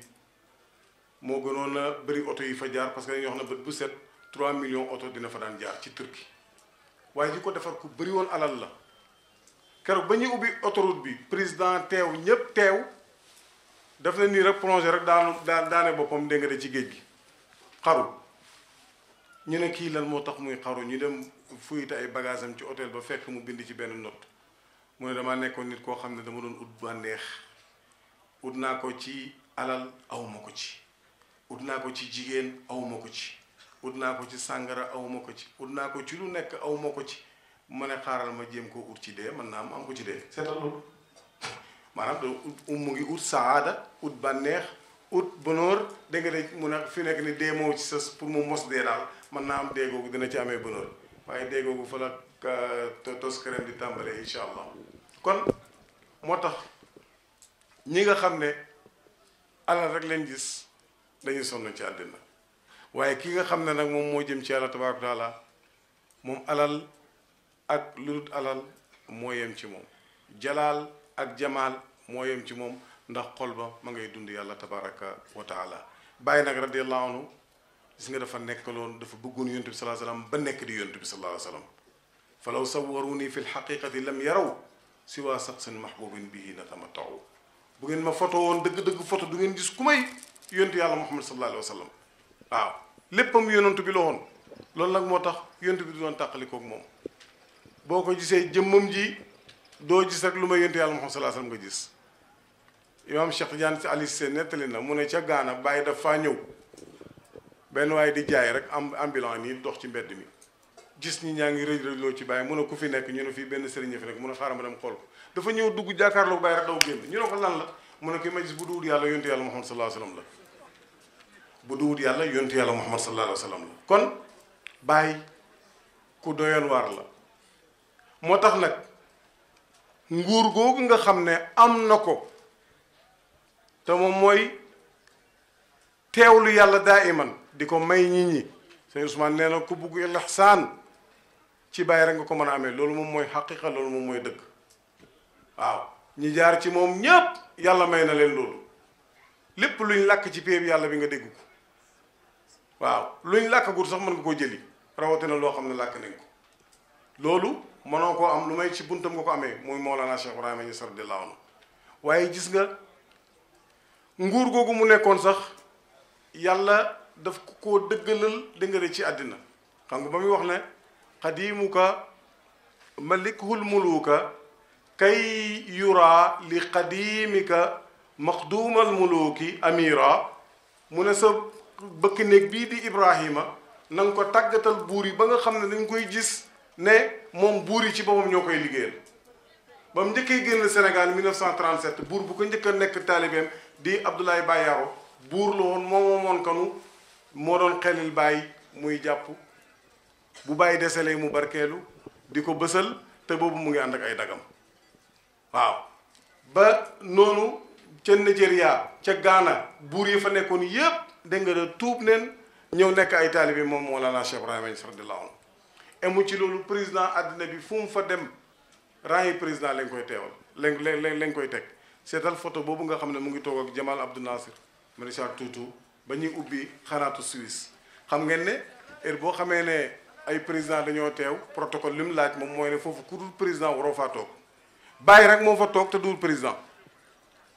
moo gënoon a bëri oto yi fa jaar parce que dañuy wax ne bët bu set trois millions oto dina fa daan jaar ci turki waaye li ko defar ku bëri alal la keroog ba ñuy ubbi autoroute bi président teew ñëpp teew daf na nii rek plongé rek daanu daane boppam dégg nga ci géej gi xaru ñu ne kii lan moo tax muy xaru ñu dem fuyite ay bagage am ci hôtel ba fekk mu bind ci benn note mu ne damaa nekkoon nit koo xam ne dama doon ut bànneex ut naa ko ci alal awuma ko ci ut naa ko ci jigéen awuma ko ci ut naa ko ci sàngara awma ko ci ut naa ko ci lu nekk awuma ko ci ma ne xaaral ma jéem ko ut ci dee man naa am am ko ci dee seetal loolu maanaam da mu ngi ut saada ut bànneex ut bonheur dégg nga mu a fi nekk ni dee moo ci sës pour mu mos dee daal man naa am dee googu dina ci amee bonheur waaye dee googu fa la euh, tos di tàmbalee incha allah kon moo tax ñi nga xam ne alal rek leen gis dañuy sonn ci àddina waye ki nga xamne nak mom mo jëm ci yàlla tabaaraka taala mom alal ak lulut alal mo yem ci mom jalal ak jamal mo yem ci mom ndax xol ba ma ngay dund yàlla tabaraka wa taala bàyyi nak radiyallahu anhu gis nga dafa nekkaloon dafa bëggoon yontu bi alayhi wasallam ba nekk di yontu bi alayhi wasallam fa law sawaruni fi lxaqiqati lam yaraw siwa saqsin mahbubin bihi natamatau bu ngeen ma photo won deug deug photo du ngeen gis kumay may yàlla muhammad sallallahu alayhi wasallam sallam waaw léppam yonantu bi la woon loolu nag moo tax yonantu bi du doon tàqalikoog moom boo ko gisee jëmmam ji doo gis rek lu may yontu yàlla Muhammad sallallahu alayhi wasallam nga gis imaam Cheikh Tidiane Sy Aliou Cissé nettali na mu ne ca Gaana bàyyi daf faa ñëw benn waaye di jaay rek am ambulant nii dox ci mbedd mi gis ñi ñaa ngi rëj rëjloo ci bàyyi mu ne ku fi nekk ñu ne fii benn sëriñ fi nekk mu a xaaral ma dem xool ko dafa ñëw dugg jàkkaarloo bàyyi rek daw génn ñu ne ko lan la mu ne ki bu duwul yàlla yontu yàlla Muhammad sallallahu alayhi wasallam la bu duwut yàlla yontu yàlla muhammad sallallahu alayhi wa la kon bàyyi ku doyoon waar la moo tax nag nguur googu nga xam ne am na ko te moom mooy teewlu yàlla daa iman di ko may nit ñi sëñ Ousmane nee na ku bugg ilxsaan ci bàyyi rek nga ko mën a amee loolu moom mooy xaqiqa loolu moom mooy dëkk waaw ñi jaar ci moom ñépp yàlla may na leen loolu lépp luñ làkk ci péeb yàlla bi nga dégg ko waaw luñ làkkagul sax mën nga koo jëli na loo xam ne làkk nañ ko loolu mënoo koo am lu may ci buntam nga ko amee muy Mawlana Cheikh Ibrahima Niass radiyallahu anhu waaye gis nga nguur googu mu nekkoon sax yàlla daf koo dëggalal dëngale ci àddina xam nga ba muy wax ne xadimuka malikhul muluka kay yura li xadimika maxdumal muluki amira mu ne sa bëkk néeg bii di Ibrahima na nga ko tàggatal buur yi ba nga xam ne dañ koy gis ne moom buur yi ci boppam ñoo koy liggéeyal ba mu njëkkee génn Sénégal 1937 buur bu ko njëkk a nekk taalibeem di Abdoulaye Bayero buur la woon moo moomoon kanu moo doon xelil bàyyi muy jàpp bu bàyyi deselee mu barkeelu di ko bësal te boobu mu ngi ànd ak ay dagam waaw ba noonu ca Nigeria ca Ghana buur yi fa nekkoon yépp dégg nga tuub neen ñëw nekk ay taalibe moom la Cheikh Ibrahima Niass radiyallahu anhu emu ci loolu président àddina bi fu mu fa dem rang yi président lañ koy teewal lañ lañ lañ koy teg seetal photo boobu nga xam ne mu ngi toog ak Jamal Abdou Nasser maréchal Tuutu ba ñuy ubbi xanaatu Suisse xam ngeen ne heure boo xamee ne ay président dañoo teew protocole li mu laaj moom mooy ne foofu ku dul président waroo faa toog bàyyi rek moo fa toog te dul président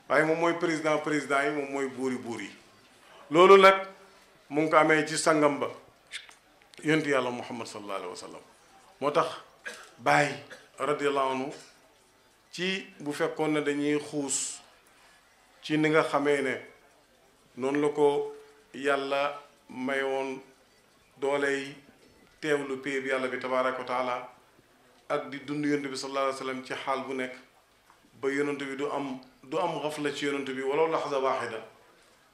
waaye moom mooy président président yi moom mooy buuri buur yi loolu nag mu ngi ko amee ci sangam ba yontu yàlla muhammad sallallahu alayhi wa sallam moo tax bàyyi radiyallahu anhu ci bu fekkoon na dañuy xuus ci ni nga xamee ne noonu la ko yàlla mayoon dooley teewlu péeb yàlla bi tabaaraka wa taala ak di dund yonent bi sallallahu alayhi wa ci xaal bu nekk ba yonent bi du am du am la ci yonent bi wala laxza waaxida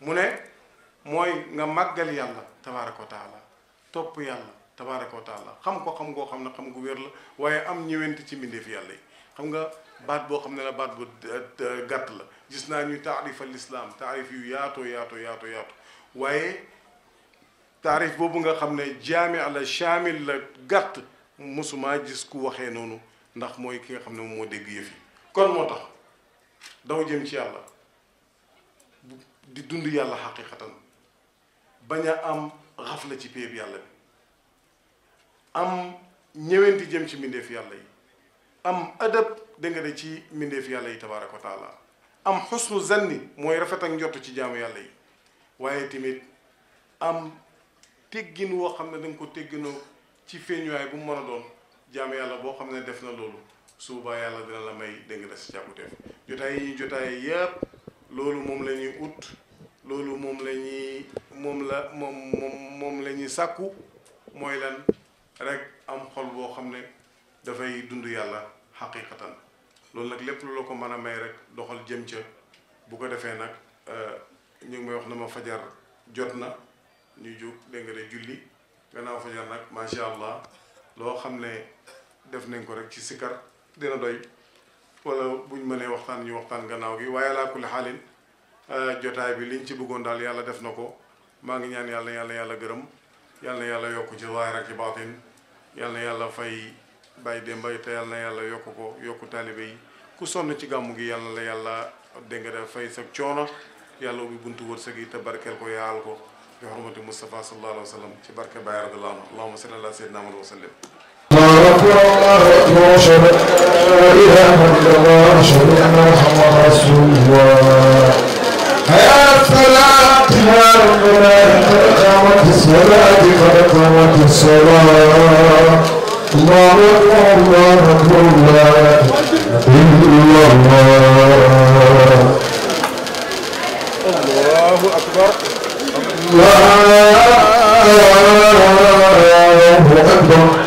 mu ne nga magal yàlla tabaaraku taala top yàlla tabaaraku taala xam ko xam go xamna xam gu wér la waye am ñëwent ci mbindeef yàlla xam nga baat bo xam la baat bu gàtt la gis na ñuy ta'rif al islam ta'rif yu yaato yaato yaato yaato waye ta'rif bobu nga xamne jami' ala shamil la gàtt musuma gis ku waxe nonu ndax moy ki nga xamne mo moom moo dégg yëf yi kon motax daw jëm ci yàlla di dund yàlla xaqiqatan bañ a am xaf la ci péeb yàlla bi am ñëwenti jëm ci mbindeef yàlla yi am adab danga ci mbindeef yàlla yi tabaaraka wa taala am xusnu zanni mooy rafet ak njot ci jaamu yàlla yi waaye tamit am teggin woo xam ne danga ko tegginoo ci feeñuwaay bu mu mën a doon jaamu yàlla boo xam ne def na loolu suuba yàlla dina la may danga ci si jotaay yi jotaay yépp loolu moom la ñuy loolu moom la ñuy moom la moom moom moom la ñuy sàkku mooy lan rek am xol boo xam ne dafay dund yàlla xaqiqatan loolu nag lépp lu la ko mën a may rek doxal jëm ca bu ko defee nag euh, ñu ngi may wax na ma fajar jot na ñu jóg dégg nga de julli gannaaw fajar nag macha allah loo xam ne def nañ ko rek ci sikar dina doy wala buñ mënee waxtaan ñu waxtaan gannaaw gi waaye laa kulli xaalin euh, jotaay bi liñ ci bëggoon daal yàlla def na ko maa ngi ñaan yàlla yàlla yàlla gërëm yàlla yàlla yokk ci zaahir ak ci baatin yàlla yàlla fay bàyyi démbay te yàlla yàlla yokk ko yokku yi ku sonn ci gàmmu gi yàlla la yàlla dégg nga def fay sa coono yàlla ubbi buntu wërsëg yi te barkeel ko yaal ko bi xurmati Mustafa sallallahu alayhi wa ci barke Baay radiyallahu anhu allahumma salli ala sayyidina Muhammad أكبر الله أكبر أشهد أن لا إله رسول الله حياة الصلاة يا رب الملائكة قامت الصلاة قد الصلاة الله أكبر الله أكبر الله أكبر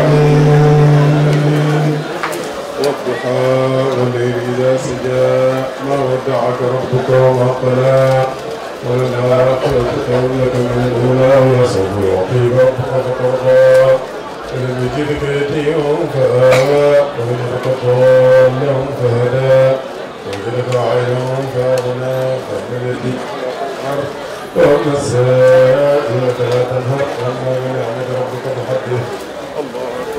والضحى والليل إذا سجى ما ودعك ربك وما قلى وللآخرة خير لك من الأولى وسوف يعطيك ربك فترضى ولم يجدك يتيما فآوى ووجدك ضالا فهدى ووجدك عينهم فأغنى فمن الذي وأما السائل فلا تنهر وأما بنعمة ربك